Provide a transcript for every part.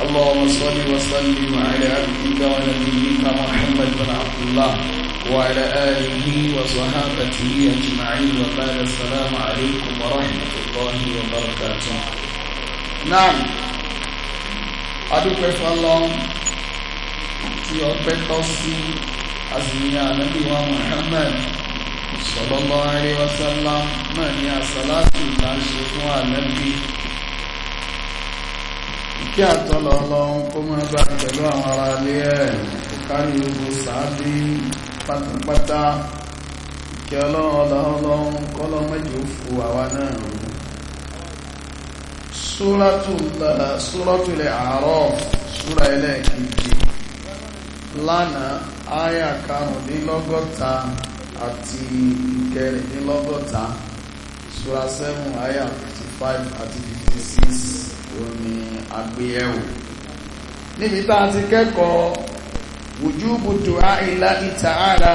اللهم صل وسلم على عبدك ونبيك محمد بن عبد الله وعلى آله وصحابته أجمعين وبعد السلام عليكم ورحمة الله وبركاته نعم adúpẹ́ fọlọ́n tí ọpẹ́ tọ́ sí àṣìyàn ànábìwá Muhammad sallallahu alaihi wasallam náà ní àṣàlásì ìlànà ṣe fún ànábì kí àtọ́lọ ọlọ́run kó mọ́ bá pẹ̀lú àwọn ará ilé ẹ̀ kárí gbogbo sàábí pátápátá kí ọlọ́run ọlọ́run kọ́lọ́ mẹ́jọ fò àwa náà rò súrọ́tùlẹ̀ àárọ̀ súra 7 áyà 55 56 òun ni àgbéyẹ̀wò níbi tá a ti kẹ́kọ̀ọ́ wùjúbù dùá ilá ìtààlà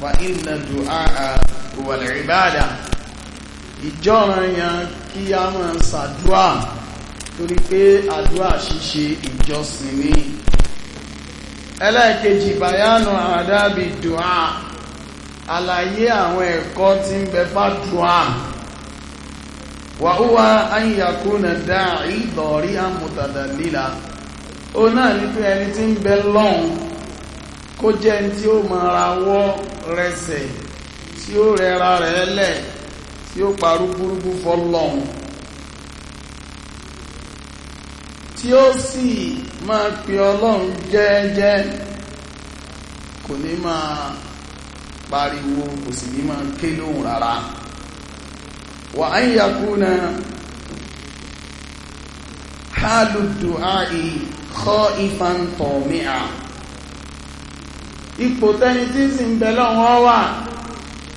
fa inna dùá wal ìbádà ìjọ́ranyàn kí a máa ṣàdúà torí pé àdúà ṣíṣe ìjọsìn ni ẹlẹ́ẹ̀kejì bàyánù àdábì dùá àlàyé àwọn ẹ̀kọ́ tí ń bẹ fàdùá wa ó wá ayàkúnà dáa ìdọ̀rí àmùtàdà líla ó náà ní pé ẹni tí ń bẹ lọ́hùn kó jẹ́ tí ó máa ra wọ́ rẹsẹ̀ tí re le rẹ̀ lẹ̀ tí ó parú burúkú fọlọ́hùn tí ó sì máa pe ọlọ́run jẹ́ẹ́jẹ́ pariwo وأن يكون حال الدعاء خائفا طامعا ipò tẹni tí ń sin bẹ lọ́wọ́ wà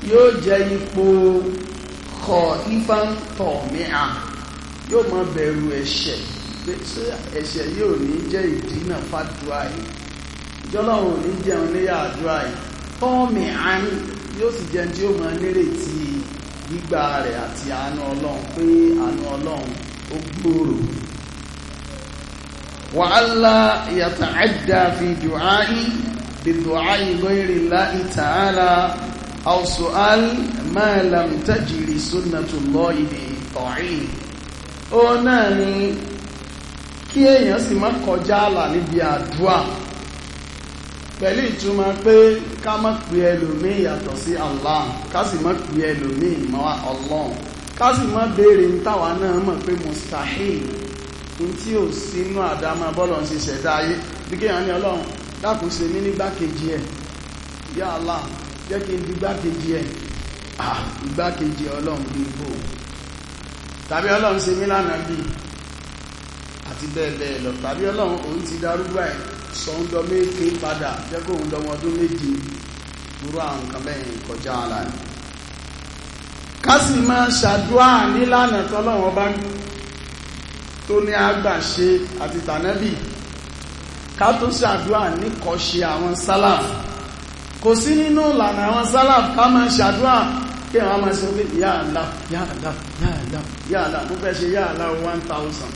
yóò jẹ́ ipò kọ ifá ń tọ̀ mí à yóò máa bẹ̀rù ẹ̀ṣẹ̀ ṣé ẹ̀ṣẹ̀ yóò ní jẹ́ ìdínà fàdúrà yìí ìjọlọ́run ní jẹun níyà àdúrà yìí tọ́ mí yóò sì jẹun tí yóò máa nírètí yìí gbígbà rẹ̀ àti àánú ọlọ́run pé àánú ọlọ́run ó gbòòrò wa Allah yata'adda fi du'ai bi du'ai ghayri Allahi ta'ala aw su'al ma lam tajri sunnatullahi bi ta'i ó náà ni kí èèyàn sì má kọjá àlà níbi àdúrà pẹ̀lú ìtumọ̀ pé ká má pè ẹlòmíì yàtọ̀ sí Allah ká sì má pè ẹlòmíì mọ́ Allah ká sì má béèrè ń táwa náà mọ̀ pé mustahil ń tí ò sínú àdámọ́ bọ́lọ̀ ń ṣe ṣẹ̀dá ayé bí kéèyàn ní ọlọ́run dákun ṣe mí nígbàkejì ẹ̀ yá Allah jẹ́ kí n di gbàkejì ẹ̀ ìgbàkejì ọlọ́run bí ibò tàbí ọlọ́run ṣe mí lánàá bí àti bẹ́ẹ̀ bẹ́ẹ̀ lọ tàbí ọlọ́run òun ti darúgbà ẹ̀ sọ ń dọ méje padà jẹ́ kó ń dọmọ ọdún méje burú àwọn nǹkan bẹ́ẹ̀ kọjá ara rẹ̀ ká sì máa ṣàdúrà nílànà tọ́lọ́wọ́n bá tó ní àgbàṣe àti tànẹ́bì ká tó ṣàdúrà níkọ̀ṣe àwọn sálàf kò sí nínú ìlànà àwọn sálàf ká máa ṣàdúrà kí àwọn máa sọ pé ya Allah ya Allah ya Allah ya Allah mo fẹ́ ṣe ya Allah one thousand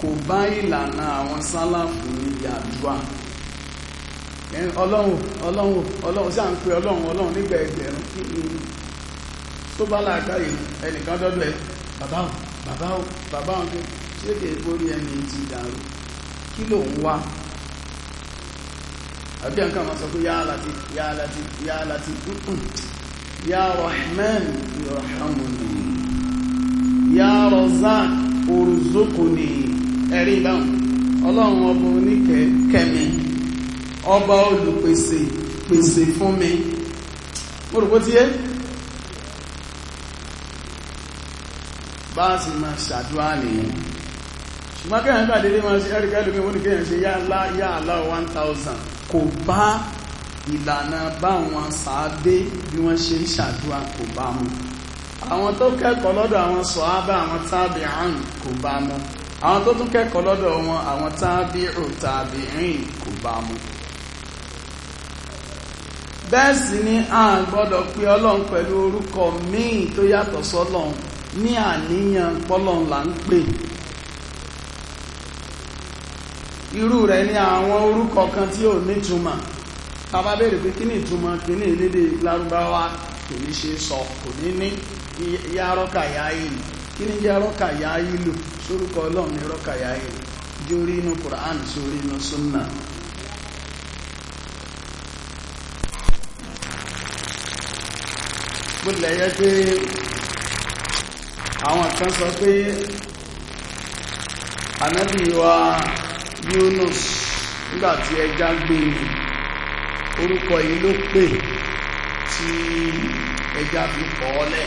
kò bá ìlànà àwọn sálàf ní Ya àdúrà ọlọ́run ọlọ́run ọlọ́run sáà ń pe ọlọ́run ọlọ́run nígbà ẹgbẹ̀rún kí ni tó bá láàkáyè ẹnìkan dọ́dọ̀ ẹ bàbá ò bàbá ò bàbá ò ṣé kè é borí ẹni ti dàrú kí ló ń wá rahman irhamuni yá razak orzokuni ẹ̀rí ọlọ́run ọba oníkẹ́mi ọba olùpèsè pèsè fún mi mo rò bó ti yé bá a sì máa ṣàdúrà nìyẹn ṣùgbọ́n kí ẹ̀yàn gbàdé lé wọn ṣe ẹ̀rìkà ẹ̀lùmí wọn nìkẹ́ ẹ̀yàn ṣe yá alá yá alá 1000 kò bá ìlànà báwọn sàábé bí wọ́n ṣe ń ṣàdúrà kò bá mu àwọn tó kẹ́kọ̀ọ́ lọ́dọ̀ àwọn sọ̀ábà àwọn tábì kò bá mu àwọn tó tún kẹ́kọ̀ọ́ lọ́dọ̀ wọn àwọn tábìrù tábìrìn kò bá mu bẹ́ẹ̀ sì ni a gbọ́dọ̀ pé ọlọ́run pẹ̀lú orúkọ míì tó yàtọ̀ sọ́lọ́run ní àníyàn pọ́lọ́run là ń pè irú rẹ̀ ni àwọn orúkọ kan tí ò nítumọ̀ tàbá béèrè pé kí ni ìtumọ̀ kí ni ìlédè lárúbáwá kò ní ṣe sọ kò ní ní yárọ́kà yáyìí kí ní jẹ́ rọ́kàyà ìlú sórúkọ ọlọ́run ní rọ́kàyà ìlú jórí inú Qur'an sórí inú súnnà gbọ́dọ̀ yẹ pé àwọn kan sọ pé ànábì wa Yunus nígbàtí ẹja gbé orúkọ yìí ló pè tí ẹja fi pọ̀ ọ́lẹ̀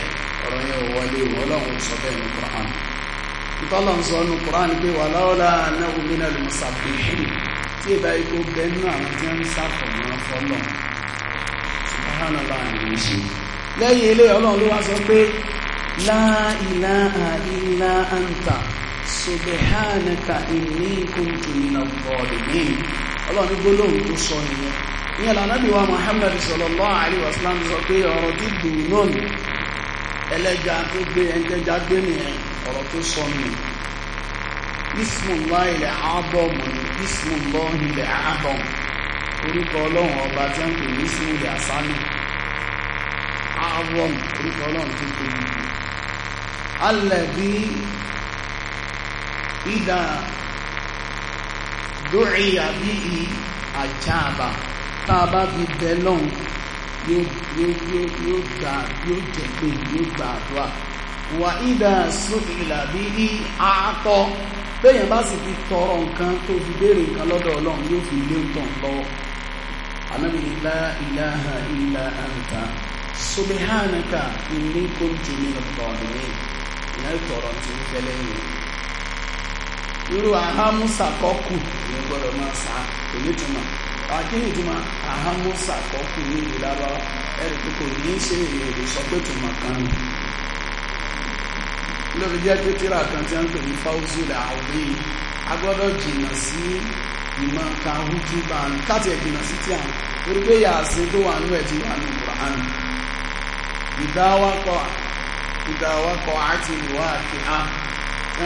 ọ̀rọ̀ yẹn wọlé ọlọ́run sọ bẹ́ẹ̀ ní Kùránì ìtọ́lọ̀ ń sọ ní Kùránì pé wà láọ́lá náà nínú ìmọ̀sàbí tí ìbá ikú bẹ nínú àwọn tí ń sáfọ̀ mọ́ fọ́lọ̀ subhanallah ni ó ṣe lẹ́yìn wa Muhammad sallallahu alaihi wasallam sọ pé ọ̀rọ̀ dídùn náà ẹlẹ́ja tó gbé ẹjẹ́já gbé nìyẹn ọ̀rọ̀ tó sọ nìyẹn ismùlá ilẹ̀ àádọ́mù ni ismùlá ilẹ̀ àádọ́mù orúkọ ọlọ́run ọba tí wọ́n pè ní ismùlẹ̀ àsánù àádọ́mù orúkọ ọlọ́run tó pè ní ibi ìdá yóò yóò yóò yóò jẹ̀pẹ̀ yóò wà ìdá sókìlà àátọ́ bẹ́yẹn bá sì fi tọrọ nǹkan tó fi béèrè nǹkan lọ́dọ̀ ọlọ́run yóò fi ilé ń tàn lọ́wọ́ ìlàhà ìlà àǹtà subhanaka inni kuntu min ìtọ̀rọ̀ akínyìn tó àhámọ́sà tọ́kù ní ìlú lábáwá ẹ̀rù kò ní ṣe ìrìn èdè sọ lórí jẹ́ pé tíra tí a ń pè ní a gbọ́dọ̀ jìnnà sí ìmọ̀ kan bá káàtì sí tó wà wà nù àti ìwà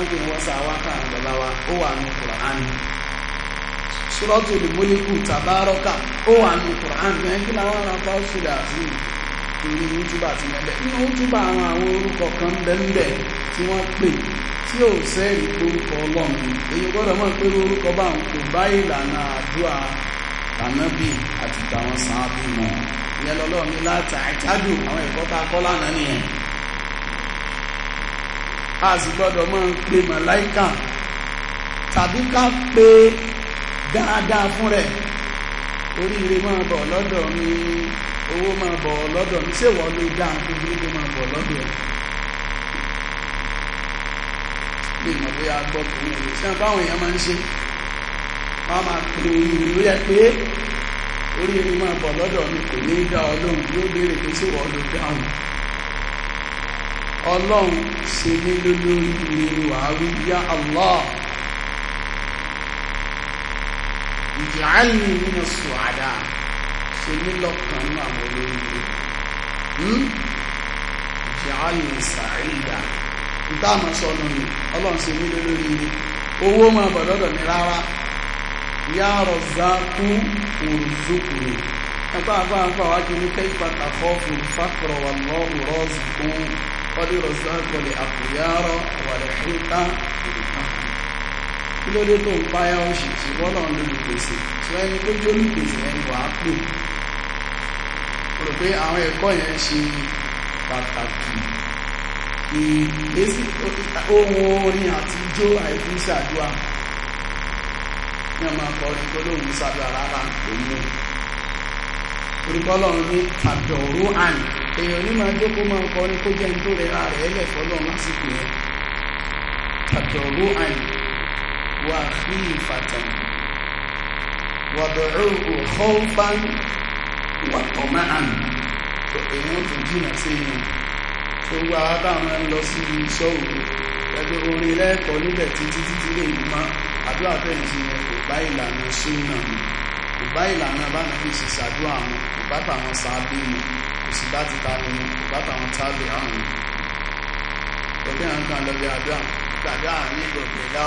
àti wọ́sà wákà àgbàláwa ó wà nù sọ́rọ́tò ìmúlẹ́kù tàbárọ́kà ó wà ní Quran rẹ̀ kí làwọn ará bá ṣùgbọ́n àti ìrìn yútúbà ti mẹ́lẹ̀ ní yútúbà àwọn àwọn orúkọ kan bẹ́ẹ̀ tí wọ́n pè tí ò sẹ́rì orúkọ ọlọ́run èyí gbọ́dọ̀ mọ̀ pé orúkọ bá ń kò bá ìlànà àdúrà tànábì àti tàwọn sàábì mọ̀ ìyẹn lọ́lọ́run ní láti àjádù àwọn ẹ̀kọ́ tá a kọ́ lánàá nìyẹn a sì gbọ́dọ̀ mọ̀ pé màláìkà tàbí ká pé dáadáa fún rẹ̀ oríire máa bọ̀ lọ́dọ̀ mi owó máa bọ̀ lọ́dọ̀ mi ṣé wọ́n ló dáa fún oríire máa bọ̀ lọ́dọ̀ ẹ̀ lè mọ̀ bóyá gbọ́ fún ẹ̀ ṣé báwọn èèyàn máa ń ṣe wọ́n máa pè é ìlú yẹ pé oríire máa bọ̀ lọ́dọ̀ mi kò ní í dá ọlọ́run yóò béèrè pé ṣé wọ́n ló dáhùn ọlọ́run ṣe mí lólórí ni wàá wí yá Allah. ìjàálì nínú sùwàdà ṣe nílọ́kàn ní àwọn olóyìnbó ìjàálì sàáìdà ìtààmà sọnù ni ọlọ́run ṣe mí lórí ni owó máa bọ̀ lọ́dọ̀ mi rárá ìyá ọ̀rọ̀ za kú òrùzókù ni ẹgbẹ́ àgbà àgbà wá kí ní kẹ́yìfà kàkọ́ fún fàkọrọ̀ wà lọ́rùn rọ́ọ̀sì fún ọdún rọ̀ṣà kọlẹ̀ àkùyárọ̀ wà lẹ́hìntà kí ló dé tó ń páyà òṣì tí wọ́n náà lórí gbèsè tí ẹni tó jó ní gbèsè ẹni wà á pè rò pé àwọn ẹ̀kọ́ yẹn ṣe pàtàkì ìgbésí ohun orin àti ijó àìfún ṣàdúrà ní ọmọ akọrin tó lóun ṣàdúrà rárá kò mú orúkọ Ọlọ́run ní tàbẹ̀rù àyìn èèyàn ní máa jẹ́ kó máa kọrin kó jẹ́ ní tó rẹ̀ rà rẹ̀ ẹlẹ́fọ́ lọ́run lásìkò yẹn tàbẹ̀rù àyìn وخيفة وادعوه خوفا وطمعا èèyàn tó jìnà sí i tó gba àbáwọn ń lọ sí iṣẹ́ òru pẹ̀lú orin lẹ́ẹ̀kọ́ níbẹ̀ títí títí lè mọ́ àdúrà fẹ́ǹsì yẹn kò bá ìlànà súnà mu kò bá ìlànà báwọn fi ṣe ṣàdúrà mu kò bá tàwọn sáábì mu kò sì bá ti ta wọn kò bá tàwọn tábì àwọn. ẹgbẹ́ àwọn kan lọ bí àdúrà gbàdúrà ní ìgbọ̀gbẹ̀dá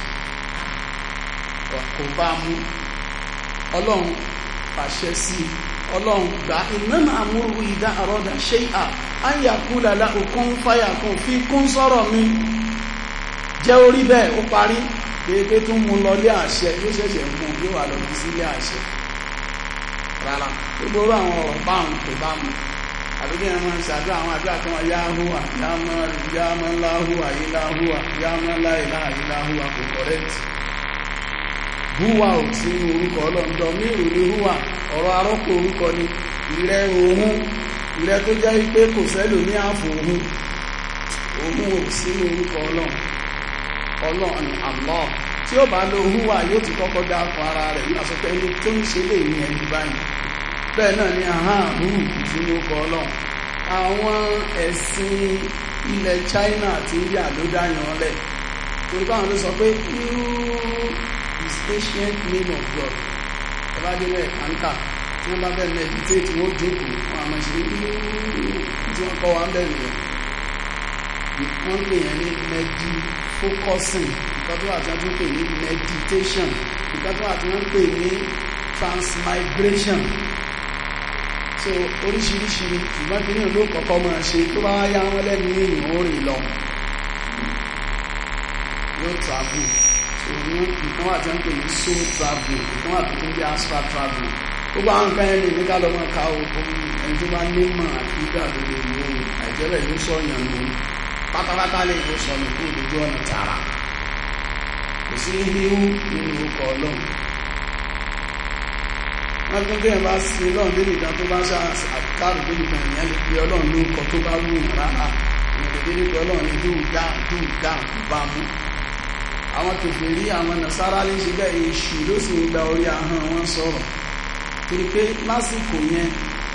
kò bá mú ọlọ́run pàṣẹ sí ọlọ́run gbà ìnáná àmúrú ìdá àrọ́dà ṣe à áyàkú lálá òkun fáyàkún fi kún sọ́rọ̀ mi jẹ́ orí bẹ́ẹ̀ ó parí déédé tún mú lọlé àṣẹ yóò ṣẹ̀ṣẹ̀ mú yóò wà lọ́dún sílé àṣẹ rárá gbogbo àwọn ọ̀rọ̀ báwọn kò bá mú àbíkẹ́ ẹ̀rọ máa ń ṣàdúrà àwọn àdúrà tó wọn yáhùwà yáhùwà yáhùwà yáhùwà yáhùwà yáhùwà láìláà yáhùwà kò kọ̀rẹ́tì húwà ò sí orúkọ ọlọ́ndọ̀ mírù ní húwà ọ̀rọ̀ arọ́pò orúkọ ni ilẹ̀ ohun ilẹ̀ tó jẹ́ pé kò sẹ́lò ní ààfò ohun ohun ò sí orúkọ ọlọ́run ọlọ́run àlọ́ tí ó bá húwà yóò ti kọ́kọ́ ara rẹ̀ ní tó ń ṣe lè ní ẹni ni orúkọ àwọn ẹ̀sìn ilẹ̀ China àti India ló sọ pé irú statement name of God ẹ̀bá délẹ̀ àǹkà tí wọ́n bá bẹ̀rẹ̀ meditate wọ́n jókòó fún àmọ́ ìṣẹ́ tí wọ́n kọ́ wa ń bẹ̀rẹ̀ rẹ̀ wọ́n ń pè yẹn ní medi focusing nǹkan tó wà tí wọ́n tún pè ní meditation nǹkan tó wà tí wọ́n pè ní transmigration so oríṣiríṣi ṣùgbọ́n kí ní ìlú kọ̀ọ̀kan máa ṣe tó bá yá wọn lẹ́nu ní ìrìn orin lọ yóò tàbí òun ìkan wà tó ń pè ní soul travelling ìkan wà tó ń bí astral travelling ó bá ń kan ẹni ní ká lọ mọ ká o ẹni tó bá ní mọ àkídà tó lè mú un àìjẹ́ bẹ́ẹ̀ ló sọ yàn nù pátápátá lè ló sọ nù kó lójú ọ̀nà tààrà kò sí híhú nínú ọkọ̀ ọlọ́run wọ́n tún tẹ́yìn bá sin ọlọ́run délé ìdá tó bá ṣá àkárò tó nìkan ìyá lè pe ọlọ́run ló ń kọ tó bá wù rárá ìrètí lè pe ọlọ́run ní dùn dá dùn dá bá àwọn kèfèrí àwọn nàṣàrà lè ṣe bẹ́ẹ̀ èṣù ló sì ń gba orí ahọ́n wọn sọ̀rọ̀ torí pé lásìkò yẹn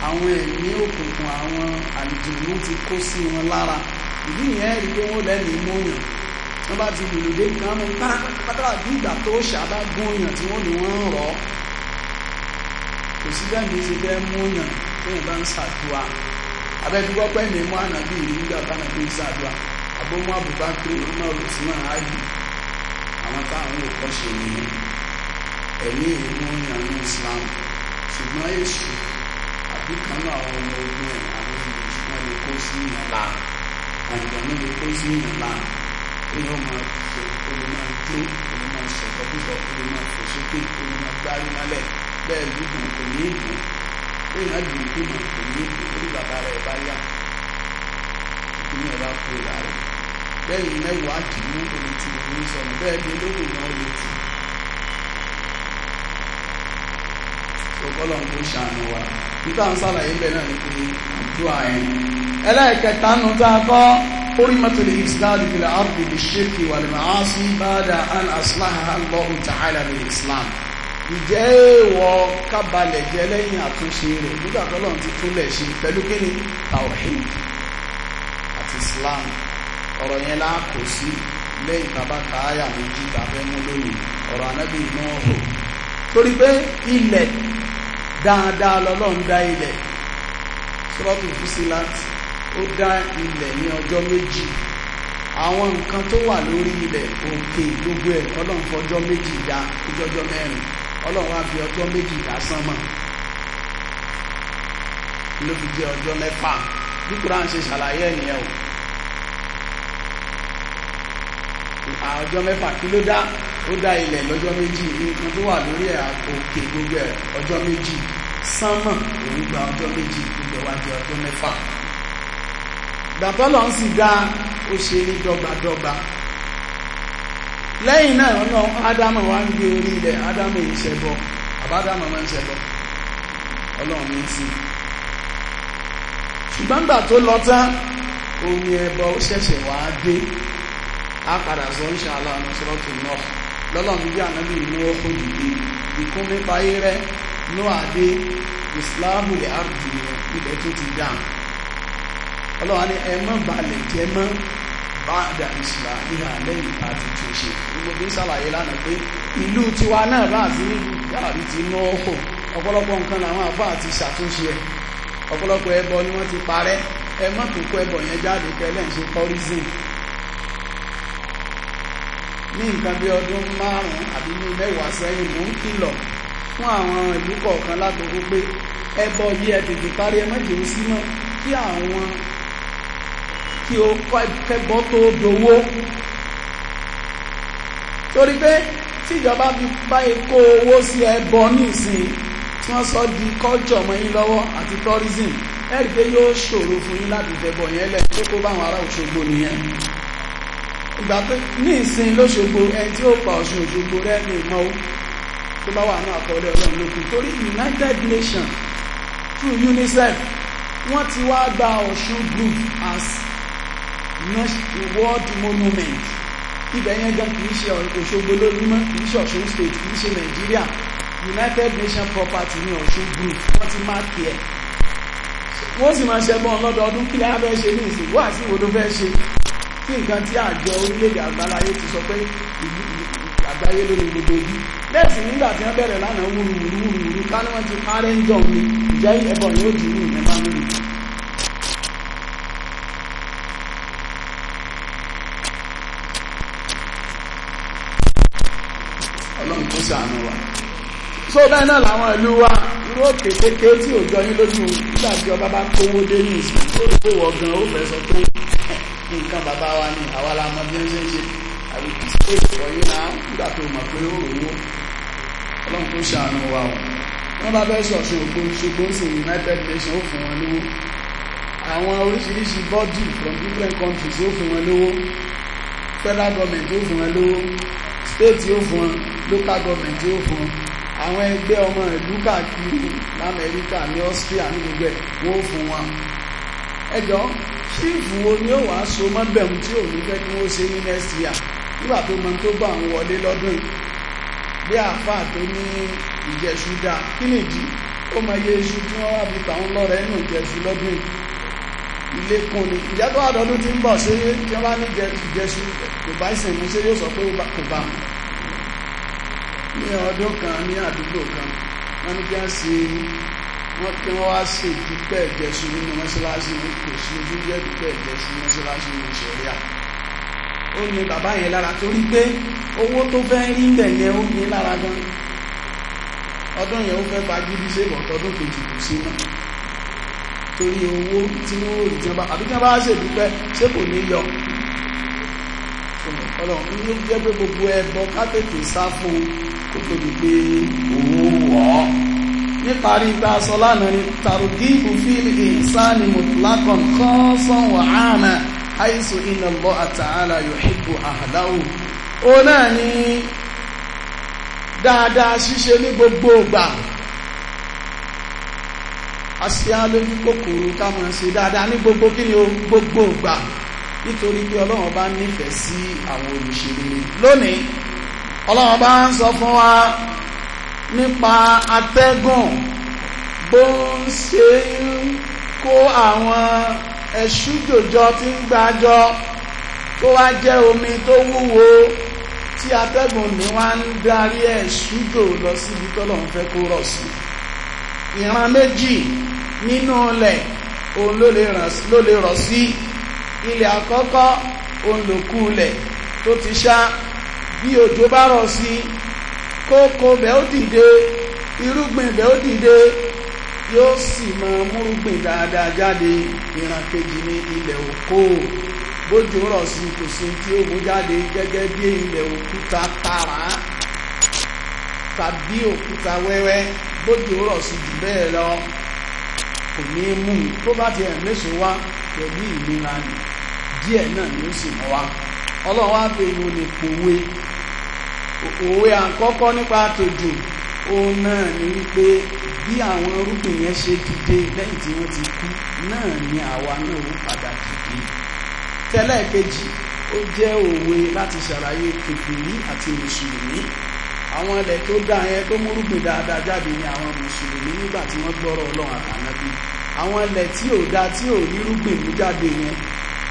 àwọn ẹ̀mí òkùnkùn àwọn àlùjùmọ́ ti kó sí wọn lára ìdí yẹn rí pé wọ́n lẹ́nu mọ́yàn wọ́n bá ti lùlù dé nǹkan mú pátápátá bí ìgbà tó ṣàbá gún yàn tí wọ́n lè wọ́n rọ̀ kò sí bẹ́ẹ̀ ní ṣe bẹ́ẹ̀ mú yàn téèyàn bá ń ṣàdúrà abẹ́dúgbọ́ pẹ́ ní mú ànàbí ìrìn nígbà táwọn tó ń ṣàdúrà àbómú àbùbá kiri ìrìn náà lò sí wọn ààyè àwọn táwọn lè kọ́ ṣe nìyẹn ẹ̀mí ìlú ìyàwó Islam ṣùgbọ́n èṣù àbí kan náà àwọn ọmọ ogun ẹ̀ àwọn ìṣúná lè kó sí ìyànlá àjọ̀nú lè kó sí ìyànlá pé ó máa ṣe olè máa jó olè máa ṣẹ̀tọ́ púpọ̀ olè máa fò sókè olè máa gbárí mọ́lẹ̀ bẹ́ẹ̀ dùn kò ní ìdùn ó yàn dùn kí mọ̀ kò ní ìdùn orí bàbá rẹ̀ bá yà ìpínlẹ̀ bá kú bẹ́ẹ̀ mẹ́wàá kì í mú omi ti ìlú sọ̀rọ̀ bẹ́ẹ̀ ni olówó náà lè ti. ọgọ́lọ́n tó ṣàánú wa nígbà ń sàlàyé bẹ́ẹ̀ náà ní pé àdúrà ẹ̀. ẹlẹ́ẹ̀kẹta nu tá a kọ́ orí mọ́tòlì islam ìfìlẹ̀ ardi bi ṣèkì wà lè máa sí bàdà an aslaha Allahu ta'ala ní islam. ìjẹ́ èèwọ̀ kábàlẹ̀ jẹ́ lẹ́yìn àtúnṣe rẹ̀ nígbà tọ́lọ́run ti túnlẹ̀ ṣe pẹ̀lú kíni tawhid àti islam ọ̀rọ̀ yẹn la kò sí lẹ́yìn bàbá káyà méjì tàbí mú lónìí ọ̀rọ̀ ànábì Nuhu torí pé ilẹ̀ dáadáa lọ́lọ́run dá ilẹ̀ sọ́lọ́tù Fusilat ó dá ilẹ̀ ní ọjọ́ méjì àwọn nǹkan tó wà lórí ilẹ̀ òkè gbogbo ẹ̀ ọlọ́run fọjọ́ méjì dá ojọ́jọ́ mẹ́rin ọlọ́run wá fi ọjọ́ méjì dá sánmọ̀ ló fi jẹ́ ọjọ́ mẹ́fà bí Kùránì ṣe ṣàlàyé ẹ̀nìyẹn o àjọ mẹ́fà kí ló dá ó dá ilẹ̀ lọ́jọ́ méjì nǹkan tó wà lórí òkè gbogbo ẹ̀ ọjọ́ méjì sánmà òun gba ọjọ́ méjì gbogbo wa jẹ ọjọ́ mẹ́fà gbàtọ́lọ̀ ń sì dá ó ṣe ní dọ́gbadọ́gba lẹ́yìn náà ọ̀nà ádámù wá ń gbé orí ilẹ̀ ádámù ìṣẹ́bọ àbádámù máa ń ṣẹbọ ọlọ́run ní sí ṣùgbọ́n gbà tó lọ tán omi ẹbọ ṣẹ̀ṣẹ̀ wá dé á padà sọ ń ṣàlọ́ àwọn sọ́ọ̀tù náà lọ́lọ́run bí ànábì inú ọkọ̀ dìde ìkún nípa irẹ́ ní àdé ìsìláàmù lè áàbùdù rẹ̀ níbẹ̀ tó ti dáhùn ọlọ́run ni ẹ mọ́ balẹ̀ jẹ́ mọ́ báàdà ìṣìlá níhà lẹ́yìn bá ti tún ṣe gbogbo ń ṣàlàyé lánàá pé ìlú tiwa náà bá àti nílùú káàrí ti ná ọkọ̀ ọ̀pọ̀lọpọ̀ nǹkan làwọn àfá àti ṣàtúnṣe ẹ̀ ọ̀pọ̀lọpọ̀ ẹbọ ni wọ́n ti parẹ́ ẹ tó kó ẹbọ yẹn jáde pẹ́lẹ́ ń tourism ní nǹkan bí ọdún márùn-ún àbí ní mẹ́wàá sẹ́yìn mò ń kìlọ̀ fún àwọn ìlú kọ̀ọ̀kan látòkú pé ẹbọ yìí ẹ tètè parí ẹ mọ́jì ó sí mọ́ kí àwọn kí ó kẹ́bọ́ tó dowó torí pé tíjọba fi bá ikó owó sí ẹbọ ní ìsìn tí wọ́n sọ di kọ́jọ̀ mọ́ yín lọ́wọ́ àti tourism ẹ̀rí pé yóò ṣòro fún yín láti fẹ́ bọ̀ yẹn lẹ́yìn pé kó báwọn ará Òṣogbo nìyẹn ìgbà pé ní ìsìn lóṣogbo ẹni tí ó pa ọ̀ṣun òṣogbo rẹ̀ ní ìmọ̀ tó bá wà ní àkọọ́lẹ̀ ọlọ́run lókun torí United Nations through UNICEF wọ́n ti wá gba ọ̀ṣun group as world monument ibẹ̀ yẹn gan kìí ṣe òṣogbo lónímọ̀ kìí ṣe ọ̀ṣun state kìí ṣe Nàìjíríà United Nations property ní ọ̀ṣun group wọ́n ti máa kí ẹ̀ wọ́n sì máa ṣẹ́gbọ́n lọ́dọọdún kílẹ̀ abẹ́ ṣe ní ìsìnkú àti ìwòdó fẹ́ ṣe kí nǹkan tí àjọ orílẹ̀-èdè àgbáláyé ti sọ pé àgbáyé ló ní gbogbo ibi bẹ́ẹ̀ sì nígbà tí wọ́n bẹ̀rẹ̀ lánàá wúru wúru wúru ká ní wọ́n ti parẹ́ ń jọ mi ìjẹ́ ẹbọ ni ó di ní ìyẹn máa ń rìn ọlọ́run kó ṣàánú wa so bẹ́ẹ̀ náà làwọn ìlú wa irú òkè kékeré tí ò jọ yín lójú nígbà tí ọba bá kówó dé ní ìsìn tó rò pé wọ́n gan ó fẹ́ sọ pé nǹkan bàbá wa ni àwa la mọ bí ó ṣe ń ṣe àbí kìsìkò ìwọ yìí náà nígbà tó mọ̀ pé ó rówó ọlọ́run tó ṣàánú wa o wọ́n bá fẹ́ ṣọ̀ṣọ́ ògbó ṣogbó sí United Nations ó fún wọn lówó àwọn oríṣiríṣi bọ́dì from different countries ó fún wọn lówó federal government ó fún wọn lówó state ó fún wọn local government ó fún wọn àwọn ẹgbẹ́ ọmọ ìlú káàkiri lamẹ́ríkà ní Austria ní gbogbo ẹ̀ wọ́n ó fún wọn ẹjọ́ ṣífù wo ni ó wàá so mọ́ bẹ̀rù tí òun fẹ́ kí wọ́n ṣe ní next year nígbà tó mọ tó bá àwọn wọlé lọ́dún yìí bí àáfàá tó ní ìjẹ̀ṣu dá kí nìdí ó mọ iye iṣu tí wọ́n wá fi tàwọn lọ́rẹ̀ẹ́ nù ìjẹ̀ṣu lọ́dún yìí ilé kún ni ìjẹ́ tó àdọ́dún ti ń bọ̀ ṣé tí wọ́n bá ní ìjẹ̀ṣu kò bá ìsìnkú ṣé yóò sọ pé kò bá mu ní ọdún kan ní àdúgbò kan wọ́n ní kí wọ́n ṣe wọ́n pé wọ́n wá sí ìdúpẹ́ ìjẹsùn nínú mọ́ṣáláṣí wọn kò sí ojú jẹ́ ìdúpẹ́ ìjẹsùn mọ́ṣáláṣí ní ìṣẹ̀ríà ó ní bàbá yẹn lára torí pé owó tó fẹ́ rí ńbẹ̀ yẹn ó ní lára gan ọdún yẹn ó fẹ́ pa gidi ṣe bọ̀ tọdún kejì kò sí mọ́ torí owó tí wọ́n rí tí wọ́n bá àbí tí wọ́n bá ṣèdúpẹ́ ṣé kò ní yọ ọlọ́run ní jẹ́ pé gbogbo ẹbọ ká tètè sá fún kó tóbi pé òun wọ̀ ọ́ níparí tá a sọ lánàá ni tàrùgíbù fíìlì ìsáni mùtlákàn kan sọ̀wọ̀ àmà àìsù iná lọ àtàlà yòókù àhàdáwò ó náà ni dáadáa ṣíṣe ní gbogbo ìgbà aṣíálójú kòkòrò ká máa ṣe dáadáa ní gbogbo kí ni ó gbogbo ìgbà nítorí pé ọlọ́run bá nífẹ̀ẹ́ sí àwọn olùṣèlérí lónìí ọlọ́run bá ń sọ fún wa nípa atẹ́gùn bó ń ṣe ń kó àwọn ẹ̀ṣú jòjọ tí ń gbàjọ tó wá jẹ́ omi tó wúwo tí atẹ́gùn ní wá ń darí ẹ̀ṣú jò lọ síbi tọ́lọ̀ ń fẹ́ kó rọ̀ sí ìran méjì nínú ilẹ̀ òun ló lè rọ̀ sí ilẹ̀ àkọ́kọ́ òun lòkú ilẹ̀ tó ti ṣá bí òjò bá rọ̀ sí i kókó bẹ̀ ó dìde irúgbìn bẹ̀ ó dìde yóò sì máa múrúgbìn dáadáa jáde ìran kejì ní ilẹ̀ òkó bójú jáde gẹ́gẹ́ bí ilẹ̀ òkúta tààrà tàbí òkúta wẹ́wẹ́ bójú rọ̀ sí jù bẹ́ẹ̀ lọ kò ní mú tó bá ti ẹ̀ wá pẹ̀lú ìlera díẹ̀ náà ni ó sì òwe àkọ́kọ́ nípa tòjò òun náà ni wípé bí àwọn irúgbìn yẹn ṣe dìde lẹ́yìn tí wọ́n ti kú náà ni àwa náà ó padà dìde tẹ́lẹ̀ kejì ó jẹ́ òwe láti ṣàlàyé kìfìrí àti mùsùlùmí àwọn ilẹ̀ tó dá yẹn tó múrùgbìn dáadáa jáde ni àwọn mùsùlùmí nígbà tí wọ́n gbọ́rọ̀ ọlọ́run àtànábì àwọn ilẹ̀ tí ò dá tí ò rírúgbìn mú jáde yẹn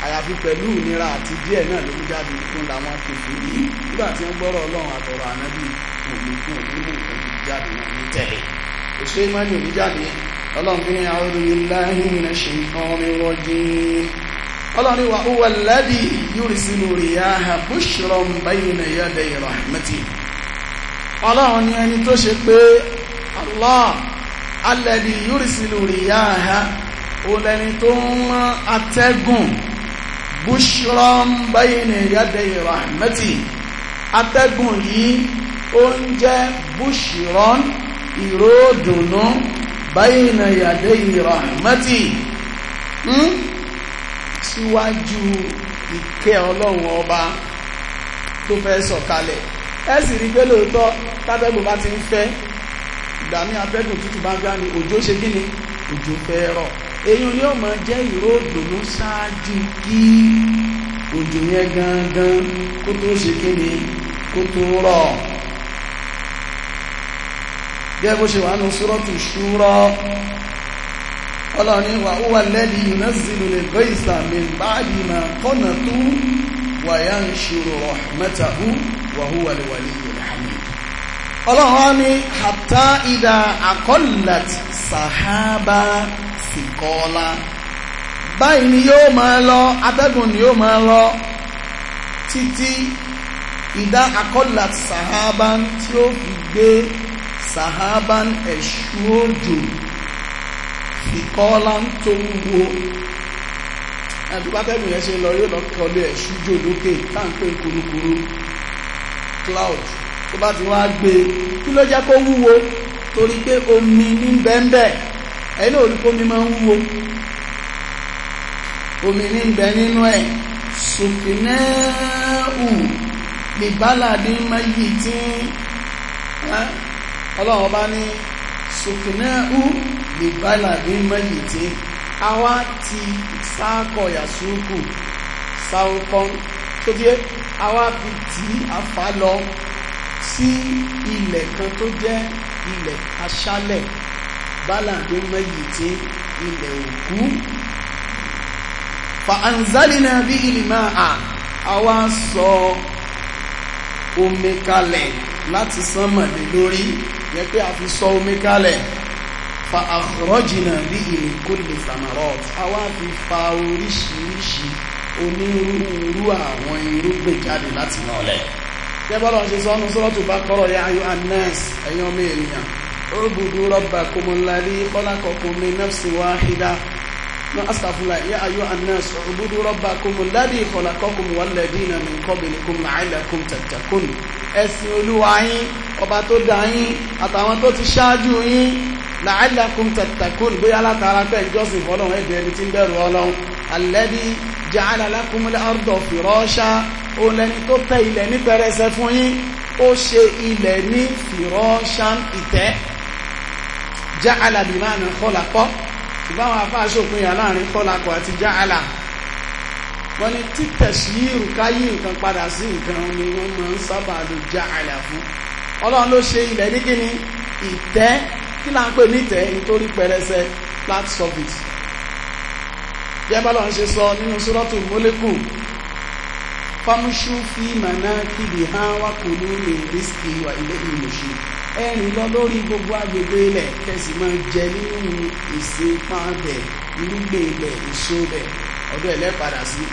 àyàfi pẹ̀lú ìnira àti díẹ̀ náà ló ń jáde fún làwọn kejì yìí nígbà tí ń gbọ́rọ̀ ọlọ́run àtọ̀rọ̀ ànábì òmìnkún òmìnkún jáde ní tẹ̀lé èso ìmọ̀lì òní jáde ọlọ́run fi ní a'udhu billahi minash shaitani rajim ọlọ́run ní wa huwa alladhi yursilu riyaha bushran bayna yaday rahmati ọlọ́run ní ẹni tó ṣe pé Allah alladhi yursilu riyaha ó lẹni tó ń rán atẹ́gùn bushran bayna yaday rahmati atẹ́gùn yìí ó ń jẹ́ bushran ìró dùnú bayna yaday rahmati síwájú ìkẹ́ ọlọ́run ọba tó fẹ́ sọ̀kalẹ̀ ẹ sì rí pé lóòótọ́ tátẹ́gùn bá ti ń fẹ́ ìgbà ní atẹ́gùn tútù bá gbá ni òjò ṣe kí ni òjò fẹ́ rọ̀ èyí ni ó mọ̀ jẹ́ ìró òdòdó ṣáájú kí òjò yẹn gangan kó tó ṣe kíni kó tó rọ̀ gẹ́gẹ́ bó ṣe wà nù Suratu Shura ọlọ́ni wà ó wà lẹ́lì yunazzilu al-ghaytha min ba'di ma qanatu wa yanshuru rahmatahu wa huwa al-waliyyul hamid ọlọ́run ni hatta idha aqallat sahaba ìsìnkọ́ọ́lá báyìí ni yóò máa lọ atẹ́gùn ni yóò máa lọ títí ìdá akọ́là sahaban tí ó fi gbé sahaban ẹ̀ṣú òjò ìkọ́ọ́lá tó wúwo ẹ̀dùpátẹ́gùn yẹn ṣe lọ yóò lọ kọlé ẹ̀ṣú òjò lókè táǹpé kurukuru cloud tó bá ti wá gbé kí ló jẹ́ kó wúwo torí pé omi ní bẹ́ẹ̀ bẹ́ẹ̀ ẹ̀lú orúkọ mi máa ń wúwo omi ní bẹ nínú ẹ̀ sùfìnẹ́ẹ̀ù bìbálàdé méjì tí ọlọ́run bá ní sùfìnẹ́ẹ̀ù bìbálàdé méjì tí a wá ti sáàkọ̀ yàsúkù sáàkọ̀ tó jẹ́ a wá fi tí a fà lọ sí ilẹ̀ kan tó jẹ́ ilẹ̀ aṣálẹ̀ bálàdé méjì tí ilẹ̀ òkú fa'anzalina bí ìlìmá à àwa sọ omi kalẹ̀ láti sánmọ̀ lè lórí yẹ pé a fi sọ omi kalẹ̀ fa àkọrọ́jìnà bí ìrìn kó lè samarot àwa fi fa oríṣiríṣi onírúurú àwọn irúgbìn jáde láti nà ọ̀lẹ̀. ṣe sọ́nu sọ́rọ́tù bá kọ́rọ̀ yá ayọ́ anẹ́s ẹ̀yọ́ mẹ́rin yàn. اعبدوا ربكم الذي خلقكم من نفس واحدة أستغفر الله يا أيها الناس اعبدوا ربكم الذي خلقكم والذين من قبلكم لعلكم تتقون ẹ̀sìn Olúwa yín ọba tó dá yín àtàwọn tó ti ṣáájú yín la'allakum tattaqun bóyá látara pé ìjọsìn fọ́lọ́run ẹ̀dẹ̀ ẹni tí ń bẹ̀rù Ọlọ́run alladhi ja'ala lakumul arda firasha òun lẹni tó tẹ́ ilẹ̀ ní pẹrẹsẹ fún yín ó ṣe ilẹ̀ ní firashan ìtẹ́ já alàbí lánàá kọlàpọ̀ ṣùgbọ́n àwọn afá aṣòpin yà láàrin kọlàpọ̀ àti já alà wọ́n ní títẹ̀sí yìí ká yí nǹkan padà sí nǹkan ni wọ́n máa ń sábà lò já alà fún ọlọ́run ló ṣe ilẹ̀ ní kíni ìtẹ́ kí là ń pè ní ìtẹ́ nítorí pẹrẹsẹ flat surface jẹ́bọ́lọ́ ṣe sọ nínú sọ́rọ́tù mólẹ́kù fámúṣú fí màná kìdì hàn wákòlú lè rísìkì wà ilé ìmùṣù ẹ̀rìn lọ lórí gbogbo agbègbè ilẹ̀ tẹ̀sí máa jẹ nínú ìsìnpá bẹ̀ irúgbìn ilẹ̀ èso bẹ̀ ọdún ẹ̀lẹ́padà sí.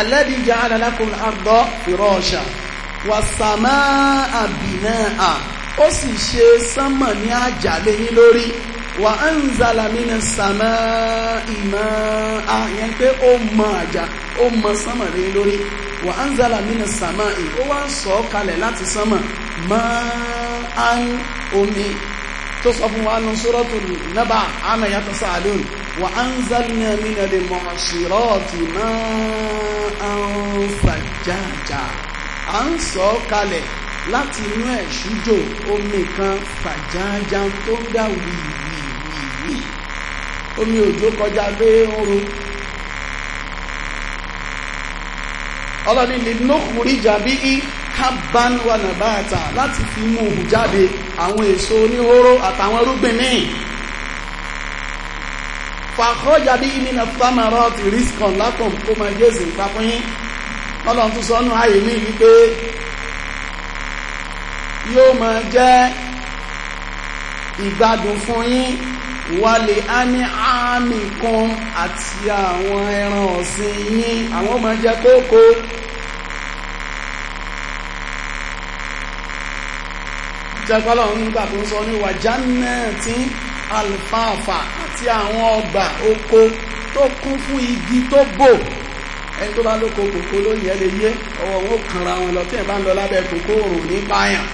alladhi ja'ala lakum al-arda firasha was-samaa binaa ó sì ṣe sánmọ̀ ní àjà lórí wà á ń zàlà mínà sàmà ìmọ̀ àyàn pé ó mọ àjà ó mọ sánmà lé lórí wà á ń zàlà mínà sàmà ì ó wá ń sọ kalẹ̀ láti sánmà máa ń omi tó sọ fún wa nù sórọ́tù nábà àmà yàtọ̀ sàálùn wà á ń zàlà mínà lè mọ̀ ṣìrọ́ọ̀tì máa ń fàjájà à ń sọ kalẹ̀ láti inú ẹ̀ṣújò omi kan fàjájà tó dà wíì yìí omi òjò kọjá lé oru ọlọ́ni lè nókùnrí jàbí í kábán wà nàbáàtà láti fi mú òhù jáde àwọn èso oníhóró àtàwọn irúgbìn míì fàkọ́jà bí i nínú fámàrọ́ ti rískan lákàn kó máa jésì pápín ọlọ́run tún sọ́nù ayé mi wípé yóò máa jẹ́ ìgbádùn fún yín wálé á ní àmì kan àti àwọn ẹran ọ̀sìn yín àwọn ọmọ jẹ kókó jẹ́kọ́lọ̀ nígbà tó ń sọ ní wàjá náà tí alfààfà àti àwọn ọgbà oko tó kún fún igi tó bò ẹni tó bá lóko kòkó lónìí ẹ lè yé ọwọ́ wọn ó kànra wọn lọ tí ẹ bá ń lọ lábẹ́ kòkó òrùn ní báyàn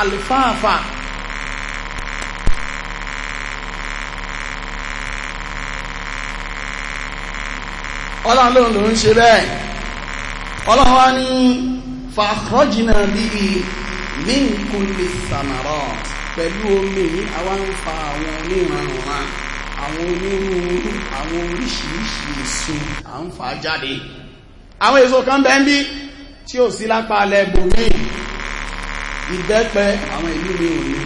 alfààfà ọlọ́run ló ń lò ń ṣe bẹ́ẹ̀ ọlọ́run wá ní fàkọ́jìnà bíi mínkùnlé sàmàrọ̀ pẹ̀lú omi yìí àwa ń fa àwọn oníranran àwọn onírúurú àwọn oríṣiríṣi èso à ń fà jáde àwọn èso kan bẹ́ẹ̀ ń bí tí ò sí lápá alẹ́ bòmí ìbẹ́pẹ àwọn ìlú mi ò ní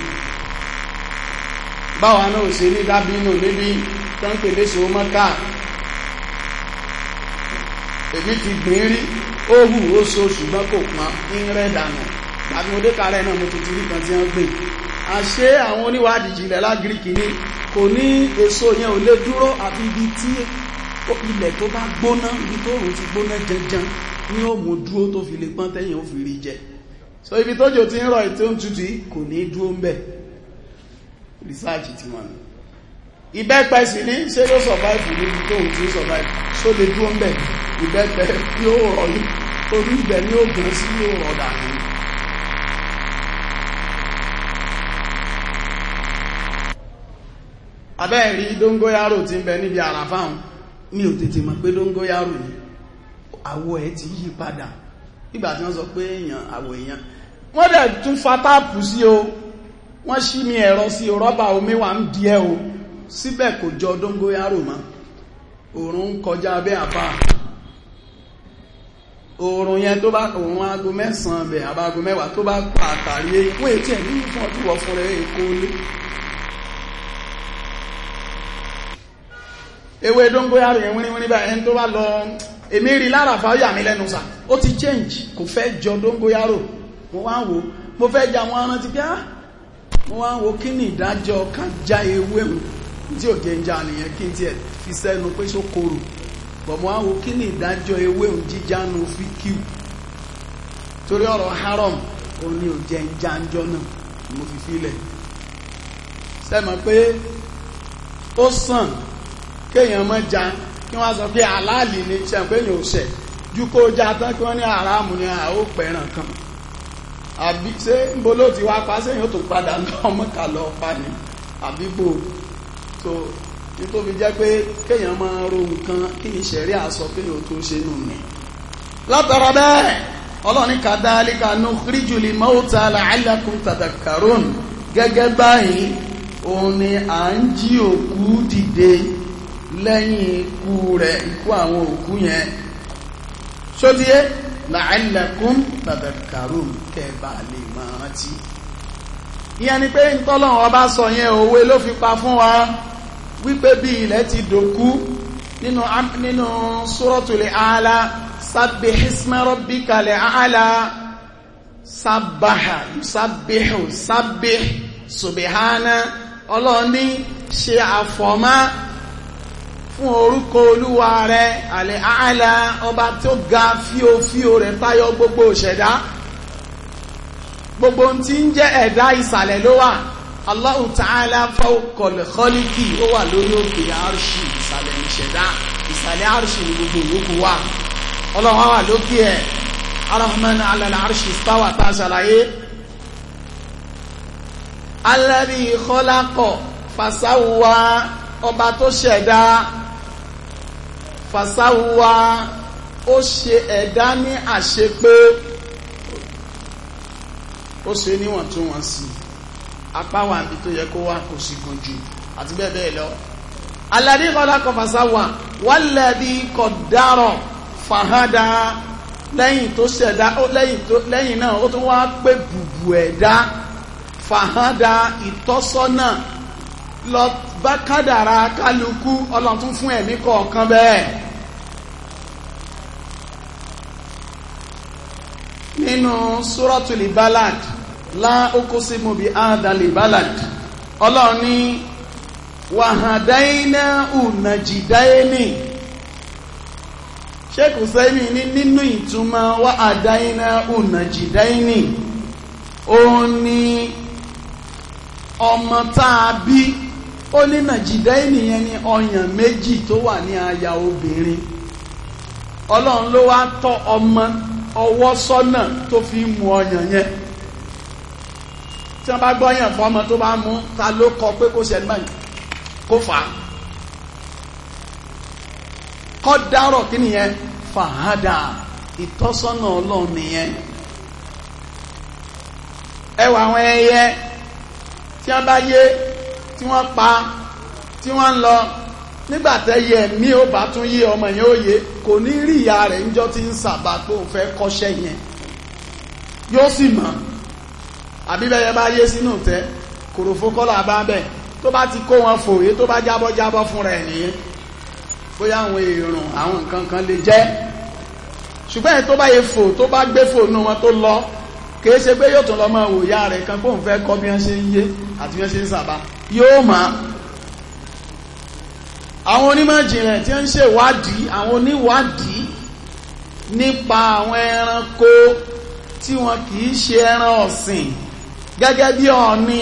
báwa náà ṣe ní dábínú níbi tó ń pèlé ṣòwò mọ́ká èmi ti gbìn rí ó hù ó so ṣùgbọ́n kò pọn ń rẹ̀ dànù àti mo dé kààrẹ náà mo tuntun nìkan tí wọ́n gbìn àṣé àwọn oníwádìí jìnlẹ̀ lágíríkì ni kò ní èso yẹn ò lè dúró àfi ibi tí ilẹ̀ tó bá gbóná ibi tó rùn ti gbóná janjan ní ó dúró tó fi lè pọ́n tẹ́yìn ó fi rí jẹ so ibi tójò ti ń rọ̀ ètò ń tutù kò ní dúró ń bẹ̀ research ti wọn ni ìbẹ́pẹ sì ní ṣé ló survive níbi tóun ti survive ṣó lè dúró ń bẹ̀ ìbẹ́pẹ yóò rọ̀ yìí torí ibẹ̀ ní ògùn sí yóò rọ̀ dànù. abẹ́ẹ̀rí dóngóyárò ti ń bẹ níbi ara fáwọn mi ò tètè mọ̀ pé dóngóyárò ni àwọ̀ ẹ̀ ti yí padà nígbà tí wọ́n sọ pé èèyàn àwọ̀ èèyàn wọ́n dẹ̀ tún fa táàpù sí o wọ́n ṣí mi ẹ̀rọ sí rọ́bà omi wà ń di ẹ́ o síbẹ̀ kò jọ dóngóyárò mọ́ òòrùn ń kọjá abẹ́ àpá òòrùn yẹn tó bá òòrùn aago mẹ́sàn-án bẹ̀ àbáago mẹ́wàá tó bá pa àtàrí eékún ètí ẹ̀ nínú fún ọdún wọ fún èkó lé ewé dóngóyárò yẹn wíníwíní báyìí ẹni tó bá lọ èmi rí lára fáyà mi lẹ́nu sà ó ti change kò fẹ́ jọ dóngóyárò mo wá ń wò mo fẹ́ jà wọn rántí pé á ah! mo wá ń wo kí ni ìdájọ́ ká já ewé wò tí ò jẹ ń kí n tiẹ̀ fi sẹnu pé ṣó korò kí ni ìdájọ ewé òun jíjá nu fi torí ọrọ haram ó ní ò jẹ ń jọ náà mo fi filẹ̀ sẹ́mọ̀ pé ó sàn kéèyàn ja kí wọ́n sọ pé aláàlì ni pé èèyàn ò ju kó já tán kí ní aráàmù ni kan àbí ṣé ń wá pa so ní tó fi jẹ́ pé kéèyàn máa ro nǹkan kí ìṣẹ̀rí àsọ kéèyàn tó ṣe nù mí látara bẹ́ẹ̀ ọlọ́ni kàdálíkà nukhriju lil mauta la'allakum tadakkarun gẹ́gẹ́ báyìí òun ni à ń jí òkú dìde lẹ́yìn ikú rẹ̀ ikú àwọn òkú yẹn ṣódíé la'allakum tadakkarun kẹ́ẹ̀bà lè máa rántí ìyẹn ni pé ń tọ́lọ́run ọba sọ yẹn òwe ló fi pa fún wa wípé bí ilẹ̀ ti dòkú nínú nínú suratul àlá sabbih isma rabbikal àlá sábàhà sábìhù sábìh subhana ọlọ́ni ṣe àfọ̀mọ́ fún orúkọ olúwa rẹ̀ àlẹ́ àlá ọba tó ga fíofío rẹ̀ tayọ gbogbo ìṣẹ̀dá gbogbo tí ń jẹ́ ẹ̀dá ìsàlẹ̀ ló Allahu ta'ala fawqal khaliqi ó wà lórí òkè arṣì ìsàlẹ̀ ìṣẹ̀dá ìsàlẹ̀ arṣì ní gbogbo ìyókù wà ọlọ́wọ́ wà lókè ẹ̀ arahman alal arṣì istawa tá a ṣàlàyé alladhi khalaqa fasawwa ọba tó ṣẹ̀dá fasawwa ó ṣe ẹ̀dá ní àṣepé ó ṣe níwọ̀ntúnwọ̀nsì apá wà níbi tó yẹ kó wà kò sì gùn jù àti bẹ́ẹ̀ bẹ́ẹ̀ lọ. alladhi khalaqa fasawa walladhi qaddara fahada lẹ́yìn tó ṣẹ̀dá lẹ́yìn náà ó tún wá pé bùbù ẹ̀dá fàhádà ìtọ́sọ́nà lọ bá kádàrá kálukú ọlọ́tún fún ẹ̀mí kọ̀ọ̀kan bẹ́ẹ̀ nínú suratul balad la uqsimu balad ọlọ́run ní ùnàjìdáínì sheikh ní nínú ìtumọ̀ wàhàdáínà ùnàjìdáínì ó ní ọmọ tàbí ó ní nàjìdáínì yẹn ní ọyàn méjì tó wà ní àyà obìnrin ọlọ́run ló wá tọ́ ọmọ ọwọ́ sọ́nà tó fi mú ọyàn yẹn tí wọ́n bá gbọ́yàn fọ́mọ tó bá mú ta ló kọ pé kó ṣe mọ́ kó fà á kọ́ dárọ̀ kí nìyẹn fàhádà ìtọ́sọ́nà ọlọ́run nìyẹn ẹwà àwọn ẹyẹ tí wọ́n bá yé tí wọ́n pa tí wọ́n ń lọ nígbàtẹ́yẹ mi ò bá tún yé ọmọ yẹn ó yé kò ní rí ìyá rẹ̀ níjọ́ tí ń sàbà pé òun fẹ́ kọ́ṣẹ́ yẹn yóò sì mọ̀ àbí bẹ́ẹ̀ bá yé sínú tẹ́ kòròfó kọ́là bá bẹ̀ tó bá ti kó wọn fòye tó bá jábọ́ jábọ́ fúnra ẹ̀ nìyẹn bóyá àwọn èrùn àwọn nǹkan kan lè jẹ́ ṣùgbọ́n ẹ̀ tó bá yẹ fò tó bá gbé fò nù wọn tó lọ kìí ṣe pé yóò tún lọ máa wò ìyá rẹ̀ kan bóun fẹ́ kọ́ bí wọ́n ṣe ń yé àti bí wọ́n ṣe ń sàbá yóò máa àwọn onímọ̀ jìnlẹ̀ tí ń ṣèwádìí àwọn oníwádìí nípa àwọn ẹranko tí wọn kìí ṣe ẹran ọ̀sìn gẹ́gẹ́ bí ọ̀ni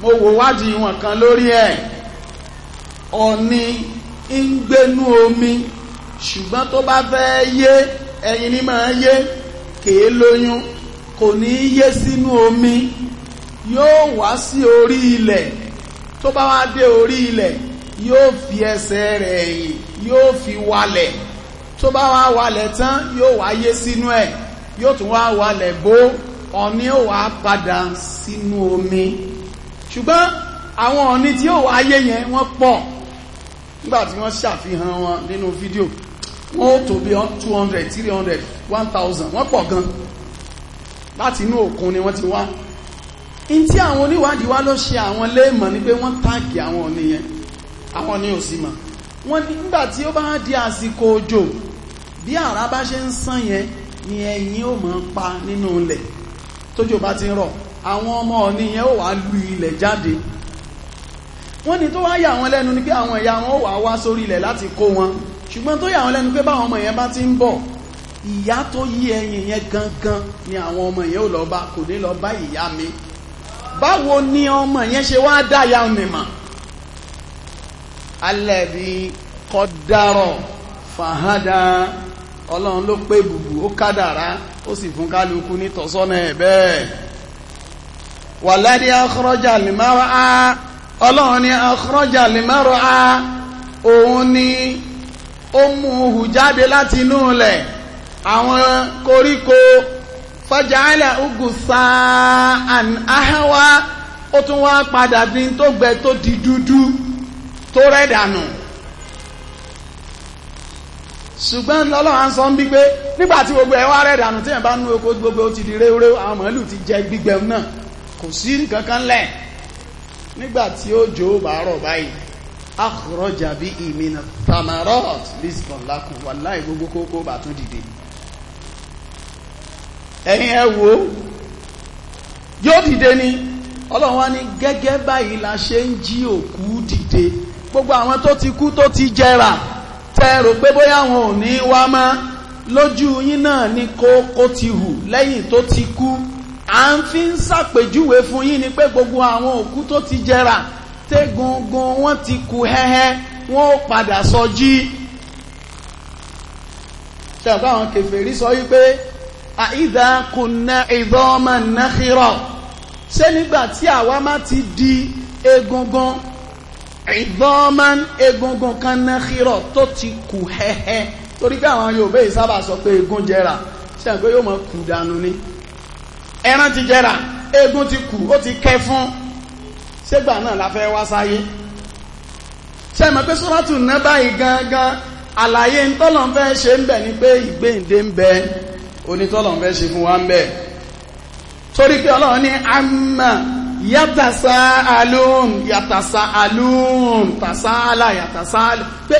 mo wò wádìí wọn kan lórí ẹ̀ ọ̀ni ń gbénú omi ṣùgbọ́n tó bá fẹ́ yé ẹyin ní máa yé kèé lóyún kò ní yé sínú omi yóò wá sí orí ilẹ̀ tó bá wá dé orí ilẹ̀ yóò fi ẹsẹ̀ rẹ̀ ẹ̀yìn yóò fi walẹ̀ tó bá wá walẹ̀ tán yóò wá yé sínú ẹ̀ yóò tún wá walẹ̀ bó ọ̀ní ó wá padà sínú omi ṣùgbọ́n àwọn ọ̀ní tí ó wá ayé yẹn wọ́n pọ̀ nígbàtí wọ́n ṣàfihàn wọn nínú fídíò wọ́n ó tó bí 200 300 1000 wọ́n pọ̀ gan láti inú òkun ni wọ́n ti wá in tí àwọn oníwádìí wá ló ṣe àwọn léèmọ̀ ni pé wọ́n táàkì àwọn ọ̀ní yẹn àwọn ọ̀ní ò sì mọ̀ wọ́n nígbàtí ó bá di àsìkò òjò bí àrá bá ṣe ń sàn yẹn ni ẹyin ó máa pa nínú ilẹ̀ tójò bá ti ń rọ̀ àwọn ọmọ ọ̀ní yẹn ó wà lu ilẹ̀ jáde wọ́n ní tó wá yà wọn lẹ́nu ni pé àwọn ìyá wọn ó wà wá sórí ilẹ̀ láti kó wọn ṣùgbọ́n tó yà wọn lẹ́nu pé báwọn ọmọ yẹn bá ti ń bọ̀ ìyá tó yí ẹyin yẹn gangan ni àwọn ọmọ yẹn ò lọ bá kò ní lọ bá ìyá mi báwo ni ọmọ yẹn ṣe wá dá ya mi mọ̀ alẹ́bí kọ́dárọ̀ fàhádà ọlọ́run ló pé bùbù ó kádàrá ó sì fún kálukú ní tọ́sọ́nà ẹ̀ bẹ́ẹ̀ wà lẹ́dí akọ́rọ́jà lèmọ́rọ́ á ọlọ́run ní akọ́rọ́jà lèmọ́rọ́ á òun ni ó mú hù jáde láti inú ilẹ̀ àwọn koríko fọ́jàálẹ̀ ugu sáà àháwá ó tún wá padà bí tó gbẹ tó di dúdú tó rẹ̀ dànù ṣùgbọ́n lọ́lọ́wọ́ à ń sọ ń bí pé nígbàtí gbogbo ẹwà rẹ̀ dànù tí ẹ̀ bá nú oko gbogbo ó ti di réoré àwọn màálù ti jẹ gbígbẹ náà kò sí nǹkan kan lẹ̀ nígbàtí ó jò ó báyìí akọ̀rọ̀jà bí ìmìnà tamarot lisbon lákùn wà láì gbogbo kókó bá tún dìde ẹ̀yin ẹ wo yóò dìde ni ọlọ́run wá ní gẹ́gẹ́ báyìí la ṣe ń jí òkú dìde gbogbo àwọn tó ti kú tó ti jẹrà tẹ́rò pé bóyá wọn ò ní wá mọ́ lójú yín náà ni kókó ti hù lẹ́yìn tó ti kú à ń fi ń ṣàpèjúwe fún yín ni pé gbogbo àwọn òkú tó ti jẹrà tégungun wọn ti kú hẹ́hẹ́ wọn ó padà sọjí. ṣàbá àwọn kèfèrí sọ wípé àìdá kùnà ìdánmà náà kírọ̀ ṣé nígbà tí àwa má ti di egungun ìdọ́mán egungun kan ná hírọ̀ tó ti kù hẹ́hẹ́ torí pé àwọn Yorùbá yìí sábà sọ pé egun jẹrà ṣe àgbé yóò mọ̀ kù dànù ni ẹran ti jẹrà egun ti kù ó ti kẹ́ fún ṣégbà náà la fẹ́ wá sáyé ṣe mọ̀ pé sọ́rọ́tù ná báyìí gangan àlàyé ntọ́lọ̀ ń fẹ́ ṣe ń bẹ̀ ni pé ìgbéǹde ń bẹ onítọ́lọ̀ ń fẹ́ ṣe fún wa ń bẹ torí pé Ọlọ́run ní àmà yàtàsá alóhùn yàtàsá alóhùn tàsá àlà yàtàsá alóhùn pé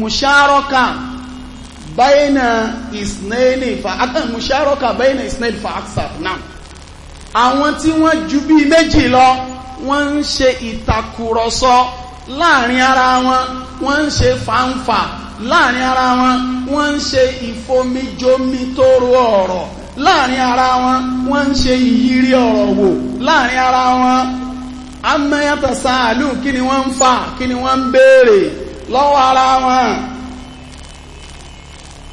mùsàrọ́kà báyìnà ìsìnẹ́lì fàákà mùsàrọ́kà báyìnà ìsìnẹ́lì fàákà náà àwọn tí wọ́n ju bí méjì lọ wọ́n ń ṣe ìtàkùrọ̀sọ láàrin ara wọn wọ́n ń ṣe fàǹfà láàrin ara wọn wọ́n ń ṣe ìfomijomitoro ọ̀rọ̀ láàrin ara wọn wọ́n ń ṣe ìyírí ọ̀rọ̀ wò láàrin ara wọn amáyàtọ̀ sáàlù kí ni wọ́n ń fà kí ni wọ́n ń béèrè lọ́wọ́ ara wọn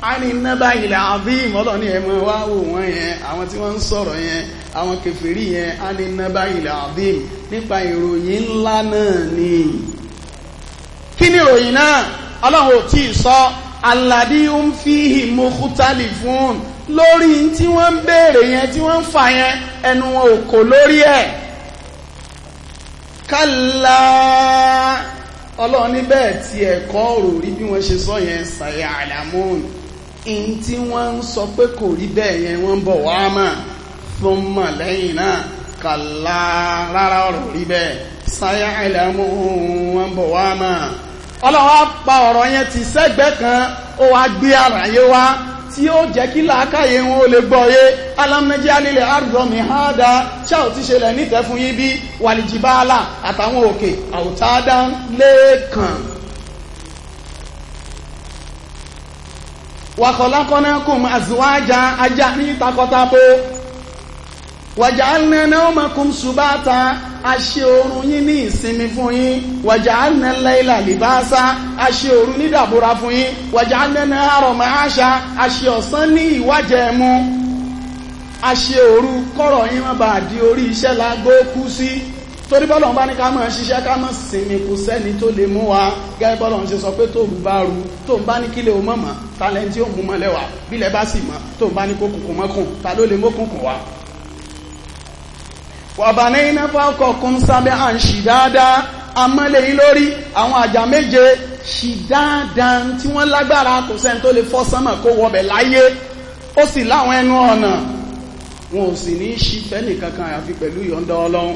a ní nábà ilẹ̀ àbíìm ọlọ́ni ẹ̀mọ́ wá wò wọ́n yẹn àwọn tí wọ́n ń sọ̀rọ̀ yẹn àwọn kèfèrí yẹn a ní nábà ilẹ̀ àbíìm nípa ìròyìn ńlá náà ni kí ni ìròyìn náà ọlọ́run ò tí ì sọ aládìí ń fi hìmọ́ kútálì fún un lórí tí wọ́n ń béèrè yẹn tí wọ́n ń fà yẹn ẹnu wọn ò kò lórí ẹ̀ kálá ọlọ́run níbẹ̀ tí ẹ̀kọ́ ọ̀rọ̀ rí bí wọ́n ṣe sọ yẹn ṣàyà àlàmóhùn in tí wọ́n ń sọ pé kò rí bẹ́ẹ̀ yẹn wọ́n ń bọ̀ wá mà fún mọ̀ lẹ́yìn náà kálá rárá ọ̀rọ̀ rí bẹ́ẹ̀ ṣàyà àlàmóhùn wọ́n ń bọ̀ wá mà ọlọ́run á pa ọ̀rọ̀ yẹn ti sẹ́gbẹ́ kan ó wá gbé àlàyé wá tí ó jẹ́ kí làákàyè wọn ó lè gbọ́yé alámẹ́jẹ́ alílẹ̀ àrùdọ́mì hádá ṣá ò ti ṣẹlẹ̀ nítẹ́ fún yín bí wàlìjìbáàlà àtàwọn òkè àwòtádá lẹ́ẹ̀kan wàkọ̀lákọ́nákùn àzíwájá ajá ní takọtabo wàjàánà nawmakum subata a ṣe oorun yín ní ìsinmi fún yín wàjàánà layla libasa a ṣe oorun ní dàbúra fún yín wàjàánà nahara ma'asha a ṣe ọ̀sán ní ìwájẹ mu a ṣe òru kọ́rọ̀ yín má bàa di orí iṣẹ́ la gbó kú sí torí bọ́lọ̀ bá ní ká máa ṣiṣẹ́ ká máa sinmi kù sẹ́ni tó lè mú wa gẹ́gẹ́ bọ́lọ̀ ń ṣe sọ pé tóòrù bá ru tó ń bá ní kílẹ̀ òmọ̀mọ̀ talẹ́ntì òmùmọ̀lẹ́wà bílẹ̀ bá sì mọ̀ tó ń bá ní kókùnkùn mọ́kùn ta ló lè mókùnkùn wa wàbàná iná fákọ̀kún sábẹ́ à ń ṣì dáadáa amọ́lẹ̀ yìí lórí àwọn àjà méje ṣì dáadáa tí wọ́n lágbára kò sẹ́ni tó lè fọ́ sánmà kó wọbẹ̀ láyé ó sì láwọn ẹnu ọ̀nà wọn ò sì ní í ṣí fẹ́nì kankan àyàfi pẹ̀lú ìyọ̀ǹda ọlọ́run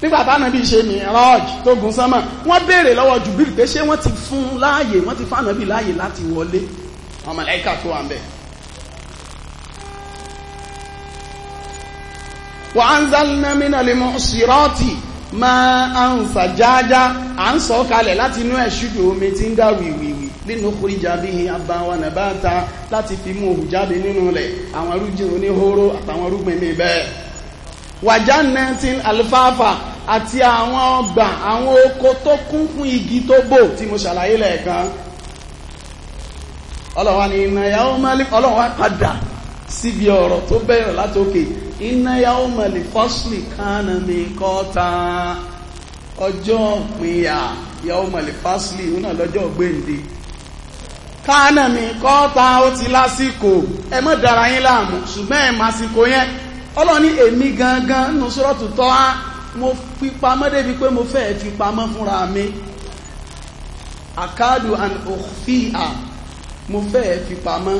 nígbà táwọn ẹbí ṣe mìíràn tó gun sánmà wọ́n béèrè lọ́wọ́ jùbìrì pé ṣé wọ́n ti fún láàyè wọ́n ti fún ànábì láàyè láti wọlé ọmọ tó wà ń bẹ̀ lè mọ المعصرات máa ń fàjájá à ń sọ kalẹ̀ láti inú omi tí ń dá wìwìwì nínú bí i àbáwọn nàbáta láti fi mú òhù jáde nínú rẹ̀ àwọn arúgbìn oníhóró àtàwọn arúgbìn mi bẹ́ẹ̀ àti àwọn ọgbà àwọn oko tó kún fún igi tó bò tí mo ṣàlàyé lẹ́ẹ̀kan ọlọ́wà ni ọlọ́wà padà síbi ọ̀rọ̀ tó bẹ̀rẹ̀ látòkè iná yàwó mọ̀lì fọ́sùlì kánà mi kọ́ta ọjọ́ ìpínyà yàwó mọ̀lì fọ́sùlì ìhun náà lọ́jọ́ gbèǹde kánà mi kọ́ta ó ti lásìkò ẹ má dára yín láàmú ṣùgbọ́n ẹ̀ màsìkò yẹn ọlọ́ni èmi gangan nù sọ́rọ̀tù tọ́ á mo fi pamọ́ débi pé mo fẹ́ fi pamọ́ fúnra mi àkádù and òfìà mo fẹ́ fi pamọ́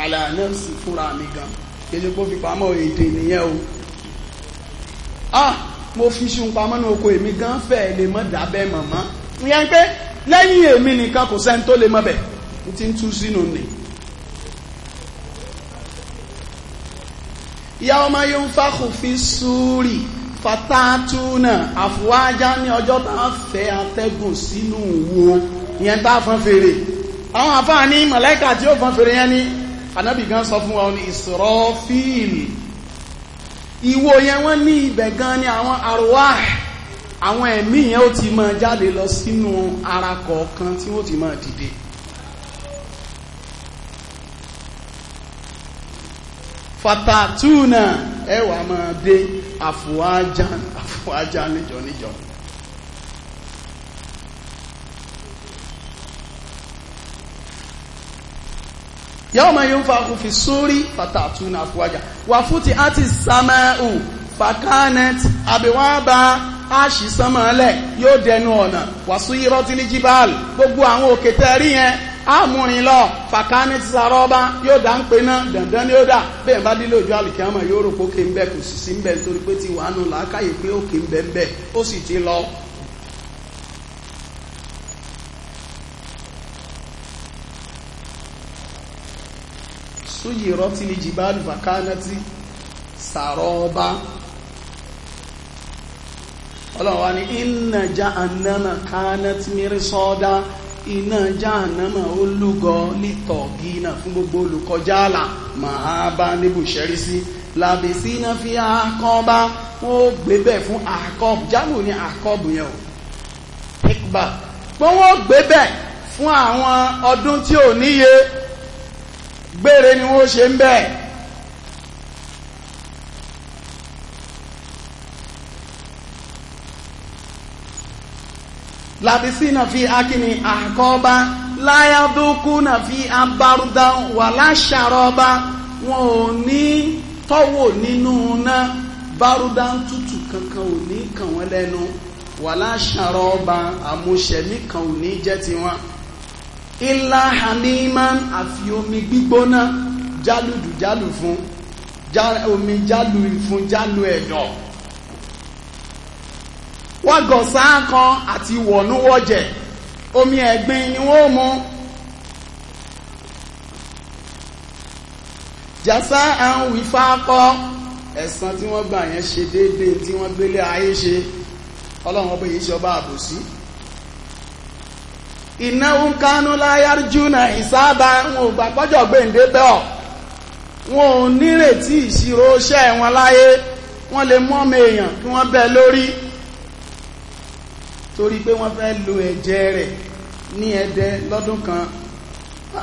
àlànẹ́sì fúnra mi gan kéde kó fi pamọ́ èdè nìyẹn o ah mo fi ṣun pamọ́ ní oko èmi gan fẹ́ lè mọ́ dábẹ́ mọ̀mọ́ ìyẹn pé lẹ́yìn èmi nìkan kò sẹ́ni tó lè mọ́ bẹ̀ ní ti ń tú sínú ni ìyá ọmọ yóò ń fákò fi súúrì fatatuna àfúwájá ní ọjọ́ tá a fẹ́ atẹ́gùn sínú wo ìyẹn tá a fọn fèrè àwọn àfáà ní mọ̀lẹ́kà tí ó fọn fèrè yẹn ni anábì gan sọ fún wa ní ìsọ̀rọ̀fíìlì ìwò yẹn wọ́n ní ibẹ̀ gan ni àwọn àrùwá àwọn ẹ̀mí yẹn ó ti máa jáde lọ sínú ara kọ̀ọ̀kan tí ó ti máa dìde fatatuna ẹwà máa dé àfùwájá níjọ níjọ yàwó máa yóò fa òfin sórí pàtàkì ní àfúwájà wà fún ati àti sàmẹ́ù fàkánẹt àbíwábà àṣì sánmọ́lẹ̀ yóò dẹnu ọna wàsú irọ́ tí gbogbo àwọn òkè tẹ́rí yẹn àmúrin lọ fàkánẹt sàrọ́bà yóò dá ń pe náà dandan ni ó dà bẹ́ẹ̀ bá dílé òjò àlùkìyàmọ̀ yóò rò pé òkè ń bẹ kò sì sí ń bẹ torí pé ti wàánu làákàyè pé òkè ń ń bẹ ó sì ti lọ sóyè rọ́tí lè jìbálù fàkánátì sàrọ́ọ́bá ọlọ́wà ní iná já ànámà kánátì mìírí sọ́ọ́dá iná já ànámà olúgọ nítọ̀ gíínà fún gbogbo olùkọjá àlà màá bá níbùsẹ́rí sí làbèsí iná fi àkọ́bá wọ́n gbé bẹ̀ fún àkọ́b jámù ní àkọ́b yẹn o hikba pé wọ́n fún àwọn ọdún tí ò níye gbére ni wọ́n ṣe ń bẹ́ẹ̀ labisina fi akini àkọ́bá láyádókúnà fi abárúdá wà láṣàrọ́bá wọn ò ní tọ́wò nínú ná bárúdá tútù kankan ò ní kàn wọ́n lẹ́nu wà láṣàrọ́bá àmúṣẹ̀mí kan ò ní jẹ́ tiwọn ilá hamiman àfi omi gbígbóná jálùdù jálù fún omi jálù ìfún jálù ẹ̀dọ̀ wọ́n gọ̀ sáàkan àti wọ̀núwọ̀jẹ̀ omi ẹ̀gbin ni wọ́n mú jàsá àwọn wífáàkọ́ ẹ̀san tí wọ́n gbà yẹn ṣe déédéé tí wọ́n gbélé ayé ṣe ọlọ́run ọba yìí ṣọba àbòsí iná ń kánú láyárí júnà ìsáàbà wọn ò gbàgbọ́jọ̀ gbèǹdé bẹ́ọ̀ wọn ò nírètí ìṣirò iṣẹ́ wọn láyé wọ́n lè mú ọmọ èèyàn kí wọ́n bẹ́ lórí torí pé wọ́n fẹ́ lo ẹ̀jẹ̀ rẹ̀ ní ẹ̀dẹ́ lọ́dún kan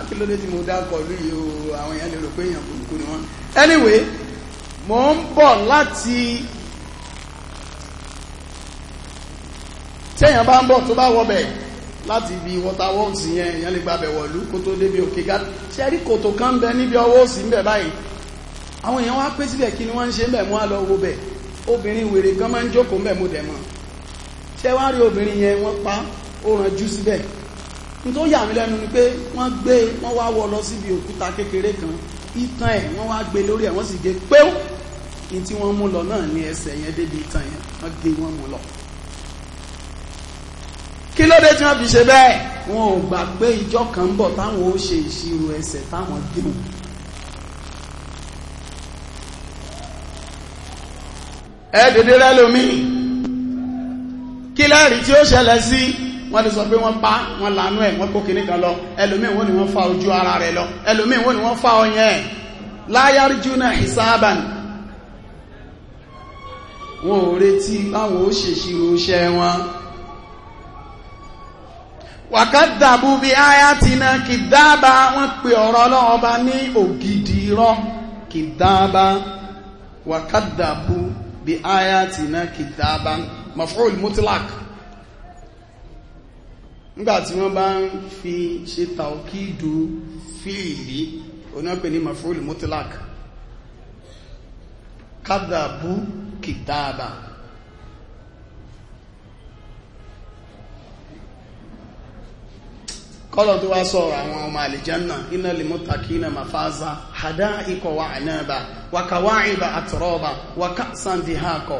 kí ló dé tí mo dákọ̀ lóye o àwọn èèyàn lè rò pé èèyàn kùnkùn ni wọ́n anyway mo ń bọ̀ láti tí èèyàn bá ń bọ̀ tó bá wọbẹ̀ láti ibi water works yẹn èèyàn lè gbàbẹ̀ wọ̀lú kó tó débi òkè gá ṣẹ́rí kòtò kan bẹ níbi ọwọ́ òsì ń bẹ̀ báyìí àwọn èèyàn wá pé síbẹ̀ kí ni wọ́n ń ṣe ń bẹ̀ mú á lọ wo bẹ̀ obìnrin wèrè kan máa ń jókòó ń bẹ̀ mú dẹ̀ mọ́ ṣé wá rí obìnrin yẹn wọ́n pa ó ranjú síbẹ̀ ní tó yà mí lẹ́nu ni pé wọ́n gbé wọ́n wá wọ́ lọ síbi òkúta kékeré kan ìtàn ẹ̀ wọ́n wá gbé lórí ẹ̀ wọ́n sì gé péw ní tí wọ́n mú lọ náà ní ẹsẹ̀ yẹn débi ìtàn yẹn wọ́n gé wọ́n mú lọ kí ló dé tí wọ́n fi ṣe bẹ́ẹ̀ wọn ò gbà pé ìjọ kan ń bọ̀ táwọn ó ṣe ìṣirò ẹsẹ̀ táwọn déhùn ẹ dédé rẹ lómi kí lẹ́rìí tí ó ṣẹlẹ̀ sí wọ́n ti sọ pé wọ́n pa wọ́n lànú ẹ̀ wọ́n kó kìnnìkan lọ ẹlòmíì wọ́n ni wọ́n fa ojú ara rẹ̀ lọ ẹlòmíì wọ́n ni wọ́n fa ọyàn ẹ̀ láyárjú náà hisaban wọn ò retí báwọn ó ṣèṣirò iṣẹ́ wọn wàkàdàbù bí ayatina kìdáàbà wọ́n pe ọ̀rọ̀ ọlọ́run ọba ní ògidì irọ́ kìdáàbà wàkàdàbù bí ayatina kìdáàbà maf'ul mutlak nígbàtí wọ́n bá ń fi ṣe tàókìdù fíìlì oníwọ́pẹ̀ ní maf'ul mutlak kàdàbù kìdáàbà kọ́lọ̀ tó wá àwọn ọmọ àlìjánà iná lè mọ́ta kí iná ma fáza hada ikọ̀ wa ànáàbà wàkàwà ìbà àtọ̀rọ̀ọ̀bà wàkà sàndìhákọ̀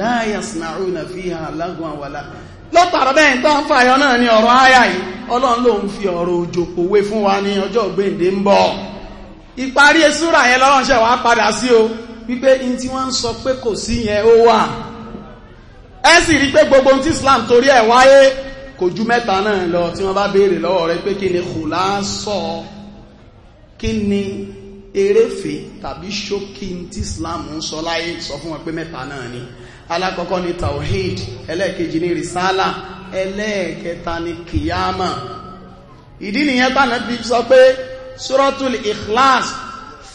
láyàsìnàrúnà fi hà lágùn àwàlá látàrí bẹ́ẹ̀ tó ń fàyọ náà ní ọ̀rọ̀ yìí ọlọ́run ló ń fi fún wa ní ọjọ́ ń bọ̀ ìparí yẹn lọ́rọ̀ ṣẹ̀ wá padà o wípé in sọ pé kò sí yẹn ó wà ẹ sì rí gbogbo ohun tí Islam kò ju mẹ́ta náà lọ tí wọ́n bá béèrè lọ́wọ́ rẹ pé kí ni kò láásọ kí ni eréfè tàbí ṣókí tí Islam ń sọ láyé sọ fún wọn pé mẹ́ta náà ni alákọ̀ọ́kọ́ ni tawhid ẹlẹ́ẹ̀kejì ni risala ẹlẹ́ẹ̀kẹta ni kìyàmà ìdí nìyẹn tánà bí sọ pé suratul ikhlas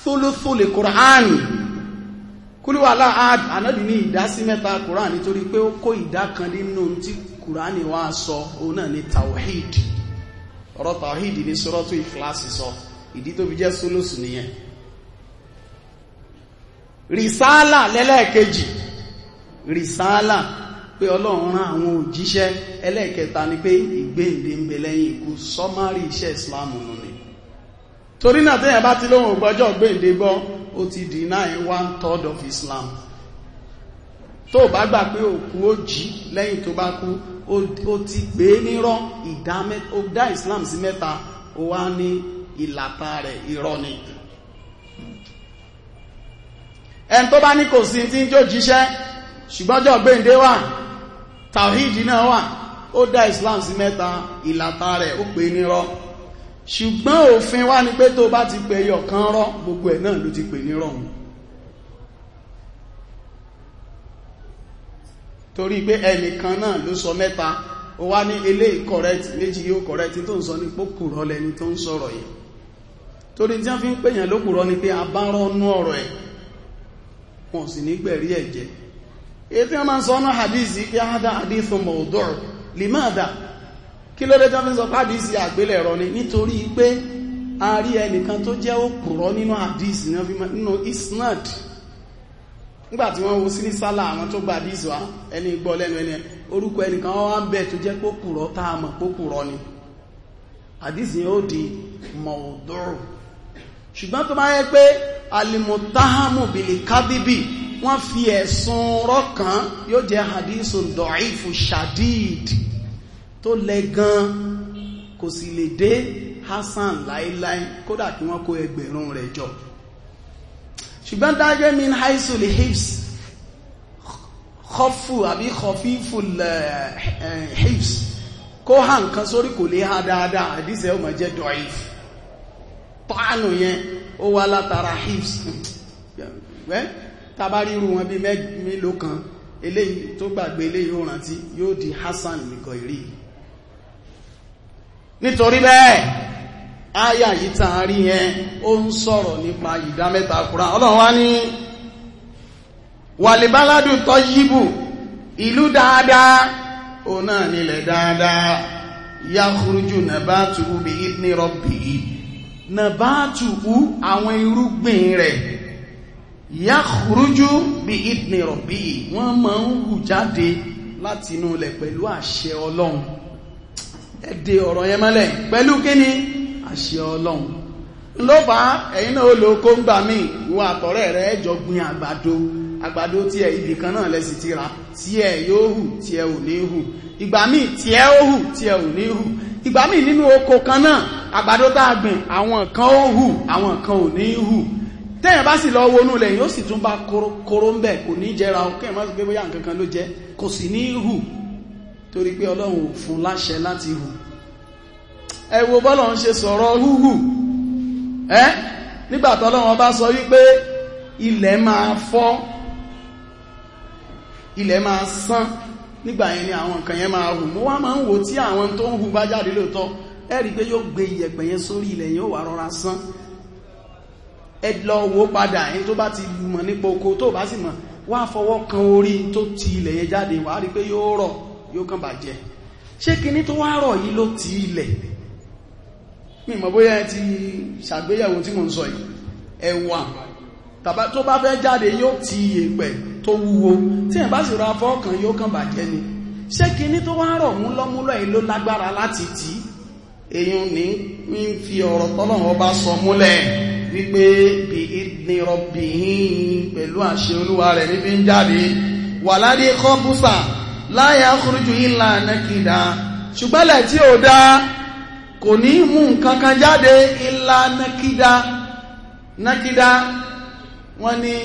thuluthul quran kúlúwàlá ànábì ní ìdásí mẹ́ta quran nítorí pé ó kó ìdá kan nínú tí kùránì wá sọ òun náà ni tawhid ọ̀rọ̀ tawhid ní sọ́rọ́tù ìkìláàsì sọ ìdí tó fi jẹ́ sólòsù nìyẹn rìsáàlà lẹ́lẹ́ẹ̀kejì rìsáàlà pé ọlọ́run rán àwọn òjíṣẹ́ ẹlẹ́ẹ̀kẹta ni pé ìgbéǹde ń bẹ lẹ́yìn ikú sọ́márì iṣẹ́ ìsìláàmù nù ni torí náà tẹ́yàn bá ti lóhun gbọ́jọ́ gbéǹde ó ti deny one third of Islam tó bá gbà pé òkú ó jí lẹ́yìn tó bá kú ó ti pè é nírọ́ ìdá islam sí mẹ́ta ó wá ní ìlàta rẹ̀ irọ́ ni ẹni tó bá ní kò sí tí ń jó jíṣẹ́ ṣùgbọ́njọ́ gbéǹde wà tàwíìdì náà wà ó dá islam sí mẹ́ta ìlàta rẹ̀ ó pè é nírọ́ ṣùgbọ́n òfin wá ní pé tó bá ti pè yọ̀kan rọ́ gbogbo ẹ̀ náà ló ti pè nírọ́ òun torí pé ẹnìkan náà ló sọ mẹ́ta ó wá ní ilé correct méjì yóò tó ń sọ ní pókùrọ́ lẹni tó ń sọ̀rọ̀ yìí torí tí wọ́n fi ń pèyàn ni pé ọ̀rọ̀ ẹ̀ sì ní gbẹ̀rí èyí tí wọ́n máa ń sọ ọ́nà hadith pé pé hadith nígbàtí wọ́n wo sílísálà àwọn tó gbà díìsì wá ẹni gbọ́ lẹ́nu ẹni orúkọ ẹnìkan wọ́n wá ń bẹ̀ tó jẹ́ pókùrọ̀ tá a mọ̀ pókùrọ̀ ni àdíìsì yóò di mọ̀ọ́dọ́rù ṣùgbọ́n tó bá yẹ pé alimutahamu bìlì kádìbì wọ́n fi ẹ̀sùn rọ́kàn yóò jẹ́ àdíìsì dọ̀ífù shadid tó lẹ gan kò sì lè dé hasan láéláé kódà kí wọ́n kó ẹgbẹ̀rún rẹ̀ jọ ṣùgbọ́n dájẹ́ min haisul hips kọfù àbí kọfífù eh, hips kó há nǹkan sórí kò lè há dáadáa àdíṣẹ́ ọmọ jẹ́ dọ̀if tọ́ánù yẹn ó wá látara hips tàbárí irú wọn bí mélòó kan eléyìí tó gbàgbé eléyìí ó rántí yóò di Hassan nìkan ìrí nítorí bẹ́ẹ̀ áyà yìí tàn rí yẹn ó ń sọ̀rọ̀ nípa ìdá mẹ́ta kúrán ọlọ́run wá ní wàlìbáládù tọ́ yíbù ìlú dáadáa ó náà nílẹ̀ dáadáa yáhùrújù nàbátùú bí ìdní rọ́bì nàbátùú àwọn irúgbìn rẹ̀ yáhùrújù bí ìdní rọ́bì wọ́n máa ń hù jáde látinú ilẹ̀ pẹ̀lú àṣẹ ọlọ́run ẹ̀dẹ̀ ọ̀rọ̀ yẹn mọ́lẹ̀ pẹ̀lú kíni àṣẹ ọlọ́run ló bá ẹ̀yin náà ó lo kóńgbà míì wọ àtọ̀rẹ́ rẹ̀ ẹjọ́ gbin àgbàdo àgbàdo tí ẹ ibì kan náà lẹ́sì ti ra tí ẹ yóò hù tí ẹ ò ní hù ìgbà míì tí ẹ ó hù tí ẹ ò ní hù ìgbà míì nínú oko kan náà àgbàdo tá a gbìn àwọn kan ó hù àwọn kan ò ní hù tẹ́yàn bá sì lọ wọnú lẹ̀ yóò sì tún bá kóró ń bẹ̀ kò ní jẹra ọkẹ́yàn máa sì gbé bóyá nǹkan kan ló jẹ kò sì ní hù torí pé ọlọ́run ò fún láṣẹ láti hù ẹ wo bọ́lọ̀ ń ṣe sọ̀rọ̀ húhù ẹ́ nígbà tọ́lọ́run bá sọ wípé ilẹ̀ máa fọ́ ilẹ̀ máa sán nígbà yẹn ni àwọn nǹkan yẹn máa hù mo wá máa ń wò tí àwọn tó ń hù bá jáde lóòótọ́ ẹ rí pé yóò gbé iyẹ̀pẹ̀ yẹn sórí ilẹ̀ yẹn ó wà rọra sán ẹ lọ wò padà yẹn tó bá ti mọ̀ nípa oko tó bá sì mọ̀ wá fọwọ́ kan orí tó ti ilẹ̀ yẹn jáde wàá rí pé yóò rọ̀ yóò kàn bàjẹ́ ṣé kinní tó wá rọ̀ yìí ló ti ilẹ̀ mi mọ̀ bóyá ti ṣàgbéyàwó tí mo ń sọ yìí ẹ̀wà tàbá tó bá fẹ́ jáde yóò ti yèpẹ̀ tó wúwo tí ẹ̀ bá sì ra fọ́ọ̀kan yóò kàn bàjẹ́ ni ṣé kinní tó wá rọ̀ mú lọ́múlọ́ èló lágbára láti tì í èyàn ní ń fi ọ̀rọ̀ tọ́lọ́run ọba sọ múlẹ̀ wípé bí ní rọ̀bìhìn pẹ̀lú àṣẹ olúwa rẹ̀ níbi ń jáde wà ládé kọ́bùsà láyà kúrújù ìlànà kìdá ṣùgbọ́n lẹ̀ ò dáa kò ní mú nǹkan kan jáde ilá nákídá nákídá wọ́n ní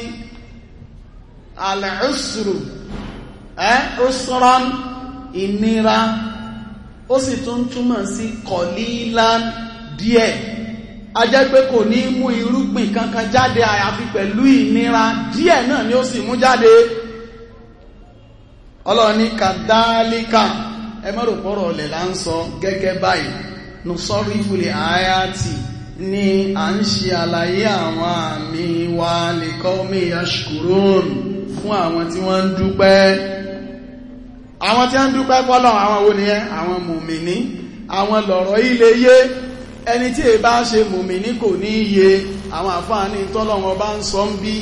alẹ́ṣùrù ẹ́ ọ̀sọ́rán ìnira ó sì tún túmọ̀ sí kọ̀lílá díẹ̀ a jẹ́ pé kò ní mú irúgbìn kankan jáde àyàfi pẹ̀lú ìnira díẹ̀ náà ni ó sì mú jáde ọlọ́ni kàdálíkà ẹ mọ́rò pọ́rọ̀ ọ̀lẹ̀ là ń sọ gẹ́gẹ́ báyìí nusọ́rífúlì àyàtì ni a ń ṣe àlàyé àwọn àmì wa lè kọ́ omi yashkurun fún àwọn tí wọ́n ń dúpẹ́ àwọn tí wọ́n ń dúpẹ́ fọ́lọ̀ àwọn wo nìyẹn àwọn mùmìní àwọn lọ̀rọ̀ ilé yé ẹni tí è bá ṣe mùmìní kò ní iye àwọn àfáàní tọ́lọ́wọ́n bá ń sọ ń bí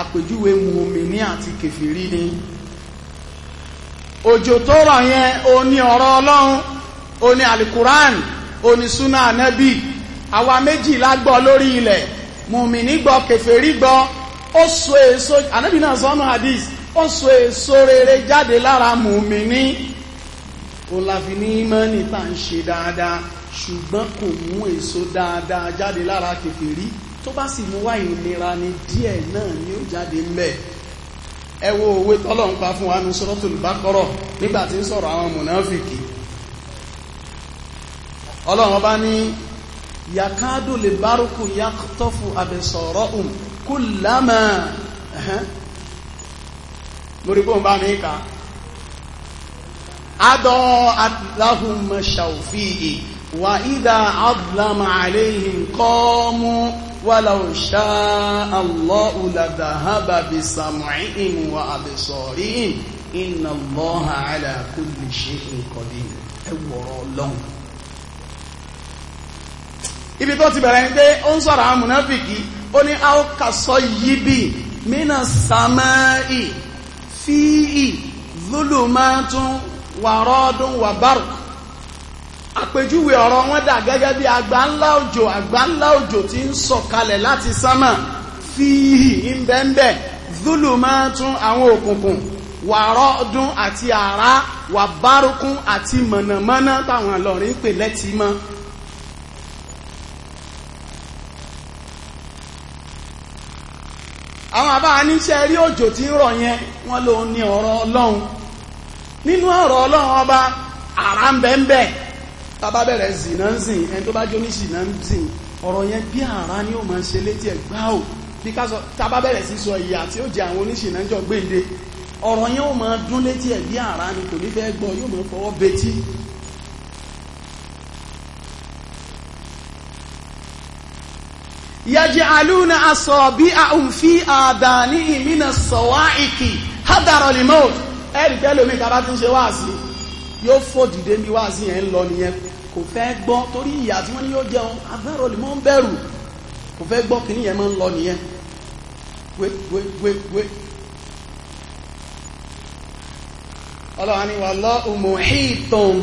àpèjúwe mùmìní àti kèfèrí ni òjò tó rọ̀ yẹn o ní ọ̀rọ̀ ọlọ́run o ní alukuran Onisuna anabi, ànábì àwa méjì lágbọ́ lórí ilẹ̀ mùmìnì gbọ́ kèfèrí gbọ́ ó so èso ànábì náà sọ́nà hadith ó so èso rere jáde lára mùmìnì ó láfi ní mọ́nì tá à ń ṣe dáadáa ṣùgbọ́n kò mú èso dáadáa jáde lára kèfèrí tó bá sì mú wá ìlera ni díẹ̀ náà ni ó jáde ńbẹ̀ ẹ wo òwe tọ́lọ́run pa fún wa ní Suratul Baqarah nígbà tí ń sọ̀rọ̀ àwọn mùnáfìkì ọlọ́run ọba ní yakadu lè bárúkú yakutọ́fù abẹ̀sọ̀rọ̀ um kú lámà lórí bóun bá mi kà adọ́ adláhùnmọ̀ ṣàwùfíì wà ìdá adlámà àléhìn kọ́mú wàláwò ṣá àlọ́ ulàdáhábà bí sàmùín wà àbẹ̀sọ̀rín iná lọ́ha àlàkùnlé ṣe nǹkan dì ẹwọ̀rọ̀ ibi tó ti bẹ̀rẹ̀ ni pé ó ń sọ̀rọ̀ àwọn mùnáfìkì ó ní àwòkàsọ yìí bì mínà sàmáì fíì zulumatun wàrọ́dún wàbárù àpèjúwe ọ̀rọ̀ wọn dà gẹ́gẹ́ bí àgbà ńlá òjò àgbà ńlá òjò tí ń sọ̀kalẹ̀ láti sámà fíì ń bẹ́ńbẹ́ zulumatun àwọn òkùnkùn wàrọ́dún àti àrá wàbárùkún àti mọ̀nàmọ́ná táwọn àlọ́rin pè lẹ́tìmọ́ àwọn àbá aníṣẹ́ rí òjò tí ń rọ̀ yẹn wọ́n ló ní ọ̀rọ̀ ọlọ́run nínú ọ̀rọ̀ ọlọ́run ọba àrà ń bẹ́ bàbá bẹ̀rẹ̀ zìnà ń zìn ẹni tó bá jó ní zìnà ń zìn ọ̀rọ̀ yẹn bí àrà ni ó máa ṣe létí ẹ̀ gbá ò bí ká sọ tábá bẹ̀rẹ̀ sí sọ ìyà tí ó jẹ àwọn oníṣìnà jọ gbéǹde ọ̀rọ̀ yẹn ó máa dún létí ẹ̀ bí àrà ni kò ní fẹ́ gbọ́ yóò máa fọwọ́ betí yaj'aluna asabi'ahum fi adanihim minas sawa'iqi hadara al-maut ẹ̀rì tẹ́lómi tàbá tún ṣe wáàsí yóò fò dìde ní wáàsí yẹn ń lọ nìyẹn kò fẹ́ gbọ́ torí ìyà tí wọ́n ní yóò jẹun agbára olè mọ́ ń bẹ̀rù kò fẹ́ gbọ́ kìíní yẹn máa ń lọ nìyẹn wéwéwéwé ọlọ́wà ní wà lọ́ umuhitum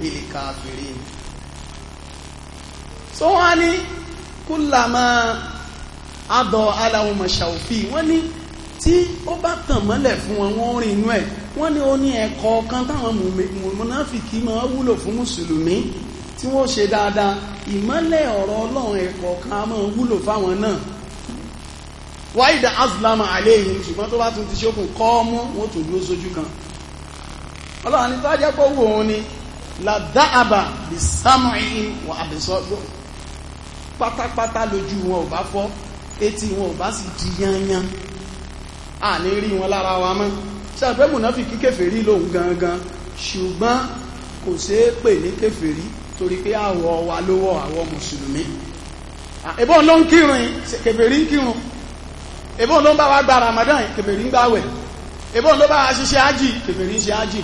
bil kafirin so wọ́n á ní kúlàmà adọ̀ aláwọ̀mọ̀ ṣàòfì wọ́n ní tí ó bá tàn mọ́lẹ̀ fún wọn wọ́n rìn inú ẹ̀ wọ́n ní ó ní ẹ̀kọ́ kan táwọn mùnáfìkì máa wúlò fún mùsùlùmí tí wọ́n ṣe dáadáa ìmọ́lẹ̀ ọ̀rọ̀ ọlọ́run ẹ̀kọ́ kan máa wúlò fáwọn náà wáìdà azlama aléhìn ṣùgbọ́n tó bá tún ti ṣókùn kọ́ mú wọ́n tó dúró sójú kan ọlọ́run ní tó jẹ́ pé wò ó ní làdáàbà bí sámọ̀ ìhìn pátápátá lójú wọn ò bá fọ́ etí wọn ò bá sì di yanyan a ní rí wọn lára wa mọ́ ṣàpẹ́ mùnáfi kí kèfèrí lòun gangan ṣùgbọ́n kò ṣeé pè ní kèfèrí torí pé àwọ̀ wa lówọ́ àwọ̀ mùsùlùmí ẹ̀bọ́n ló ń kírun kèfèrí ń kírun ẹ̀bọ́n ló ń bá wa gba Ramadan kèfèrí ń gbàwẹ̀ ẹ̀bọ́n ló bá wa ṣiṣẹ́ ájì kèfèrí ń ṣe ájì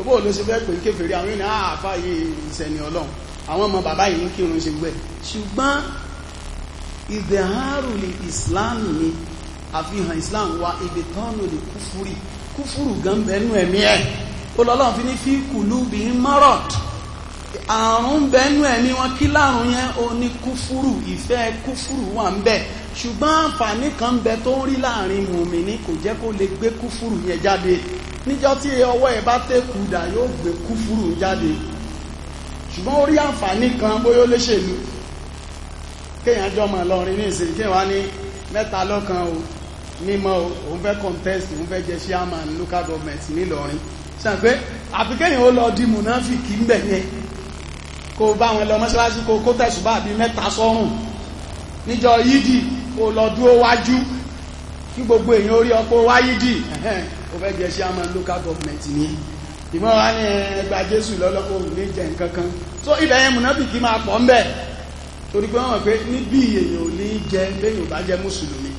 ọbọ̀ ló ṣe fẹ́ pè ní kèfèrí àwọn ènìyàn àfáyé ìsẹ̀ni ọlọ́run àwọn ọmọ bàbá yìí ń kírun ṣe gbẹ ṣùgbọ́n ìdẹ̀hárù lè islam ni àfihàn islam wa ibi tọ́nù lè kúfúrì kúfúrù gan bẹnu ẹ̀mí ẹ̀ olọ́lọ́n fi ní fíkù lúbi marot àrùn bẹnu ẹ̀mí wọn kí láàrùn yẹn ó ní kúfúrù ìfẹ́ kúfúrù wà ń bẹ ṣùgbọ́n àǹfààní kan ń bẹ tó ń rí láàrin mùmìnì kò jẹ́ kó lè gbé kúfúrù yẹn jáde níjọ́ tí ọwọ́ ẹ̀ bá tẹ́kù dà yóò gbé kúfúrù jáde ṣùgbọ́n orí àǹfààní kan bóyá ó léṣèlú kéèyàn jọmọ lọrin ní ìsìn kéèyàn wá ní mẹ́ta lọ́kan o mímọ́ o òun fẹ́ contest òun fẹ́ jẹ chairman local government nílọrin sàn pé àfi kéèyàn ó lọ di mùnáfìkì ń bẹ̀ yẹn kó bá wọn lọ mọ́ṣáláṣí kó kó tẹ̀sùbá àbí mẹ́ta sọ́rùn níjọ yídì kó lọ dúró wájú kí gbogbo èèyàn orí ọpọ wáyídì ó fẹ́ jẹ chairman local government ní ìmọ̀ wá ní ẹgbà jésù lọ́lọ́pọ̀ òní jẹ nkankan so ibẹ̀ yẹn mùnáfìkì máa pọ̀ ń bẹ̀ torí pé wọ́n mọ̀ pé níbi èèyàn ò ní jẹ lẹ́yìn ò bá jẹ mùsùlùmí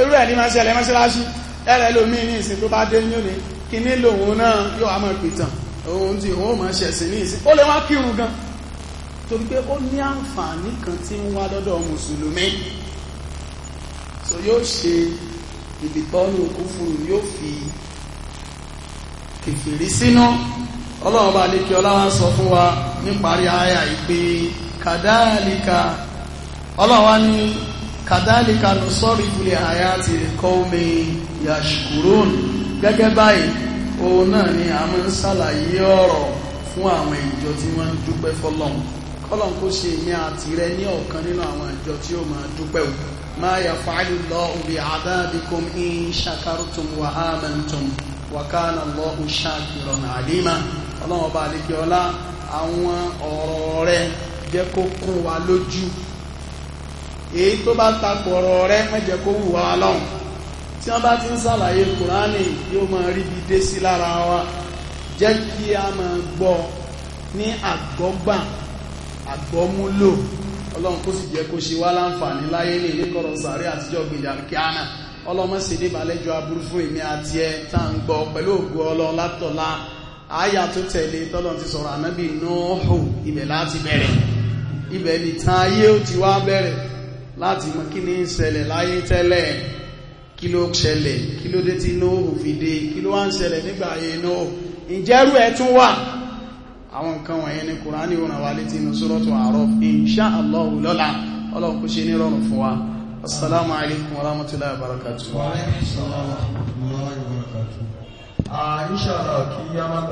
irú ẹ̀ ní máa ṣẹlẹ̀ mọ́ṣáláṣí ẹ̀rẹ̀ lómi ní ìsìn tó bá dé ní òní kí ní lòun náà yóò àmọ́ ìpìtàn òun tí òun mọ̀ ṣẹ̀sìn ní ìsìn ó lè wá kírun gan torí pé ó ní àǹfààní kan tí ń wá lọ́dọ̀ mùsùlùmí so yóò ṣe ìbìtọ́lù kúfùrù yóò fi kìfìrí sínú ọlọ́run bá lè kí ọláwá sọ fún wa níparí àyà ìpè kàdáàlìkà ọlọ́wá ní kàdáàlìkà ló sọ́rí ìfúlẹ̀ àyà ti kọ́ omi yashkurun gẹ́gẹ́ báyìí òun náà ni a máa ń ṣàlàyé ọ̀rọ̀ fún àwọn ìjọ tí wọ́n ń dúpẹ́ fọlọ́run kọ́lọ́n kó ṣe ìyẹn àtìrẹ ní ọ̀kan nínú àwọn ìjọ tí ó máa dúpẹ́ òkú ما يفعل الله بعذابكم إن شكرتم وآمنتم وكان الله شاكرا عليما ọlọ́run ọba àlejò ọlá àwọn ọ̀rọ̀ rẹ jẹ́ kó kún wa lójú èyí tó bá takò ọ̀rọ̀ rẹ má jẹ́ kó wù wá lọ́hùn tí wọ́n bá ti ń sàlàyé kùránì yóò máa rí dé sí lára wa jẹ́ kí a máa gbọ́ ní àgbọ́gbà àgbọ́múlò ọlọ́run kó sì jẹ́ kó ṣe wá láǹfààní láyé ní ìlékọ̀rọ̀ sàárè àtijọ́ gbìyànjú kíánà ọlọ́mọ sì ní balẹ̀jọ aburú fún èmi àti ẹ tá ń gbọ́ pẹ̀lú ògùn ọlọ́run látọ̀lá àyà tó tẹ̀lé tọ́lọ́run ti sọ̀rọ̀ ànábì nóòhù ibẹ̀ láti bẹ̀rẹ̀ ibẹ̀ ni tán ayé ó ti wá bẹ̀rẹ̀ láti mọ kí ní ṣẹlẹ̀ láyé tẹ́lẹ̀ kí ló ṣẹlẹ̀ kí ló dé tí nóòhù fi dé kí ló wá ń ṣẹlẹ̀ nígbà ayé nóòhù ǹjẹ́rú ẹ tún wà àwọn nǹkan wọ̀nyẹn ní kùránì òràn wà létí inú sọ́rọ̀tù A'raf inṣá allahu lọ́la ọlọ́run kó ṣe ní rọrùn fún wa assalamu alaikum wa rahmatullahi wa barakatuh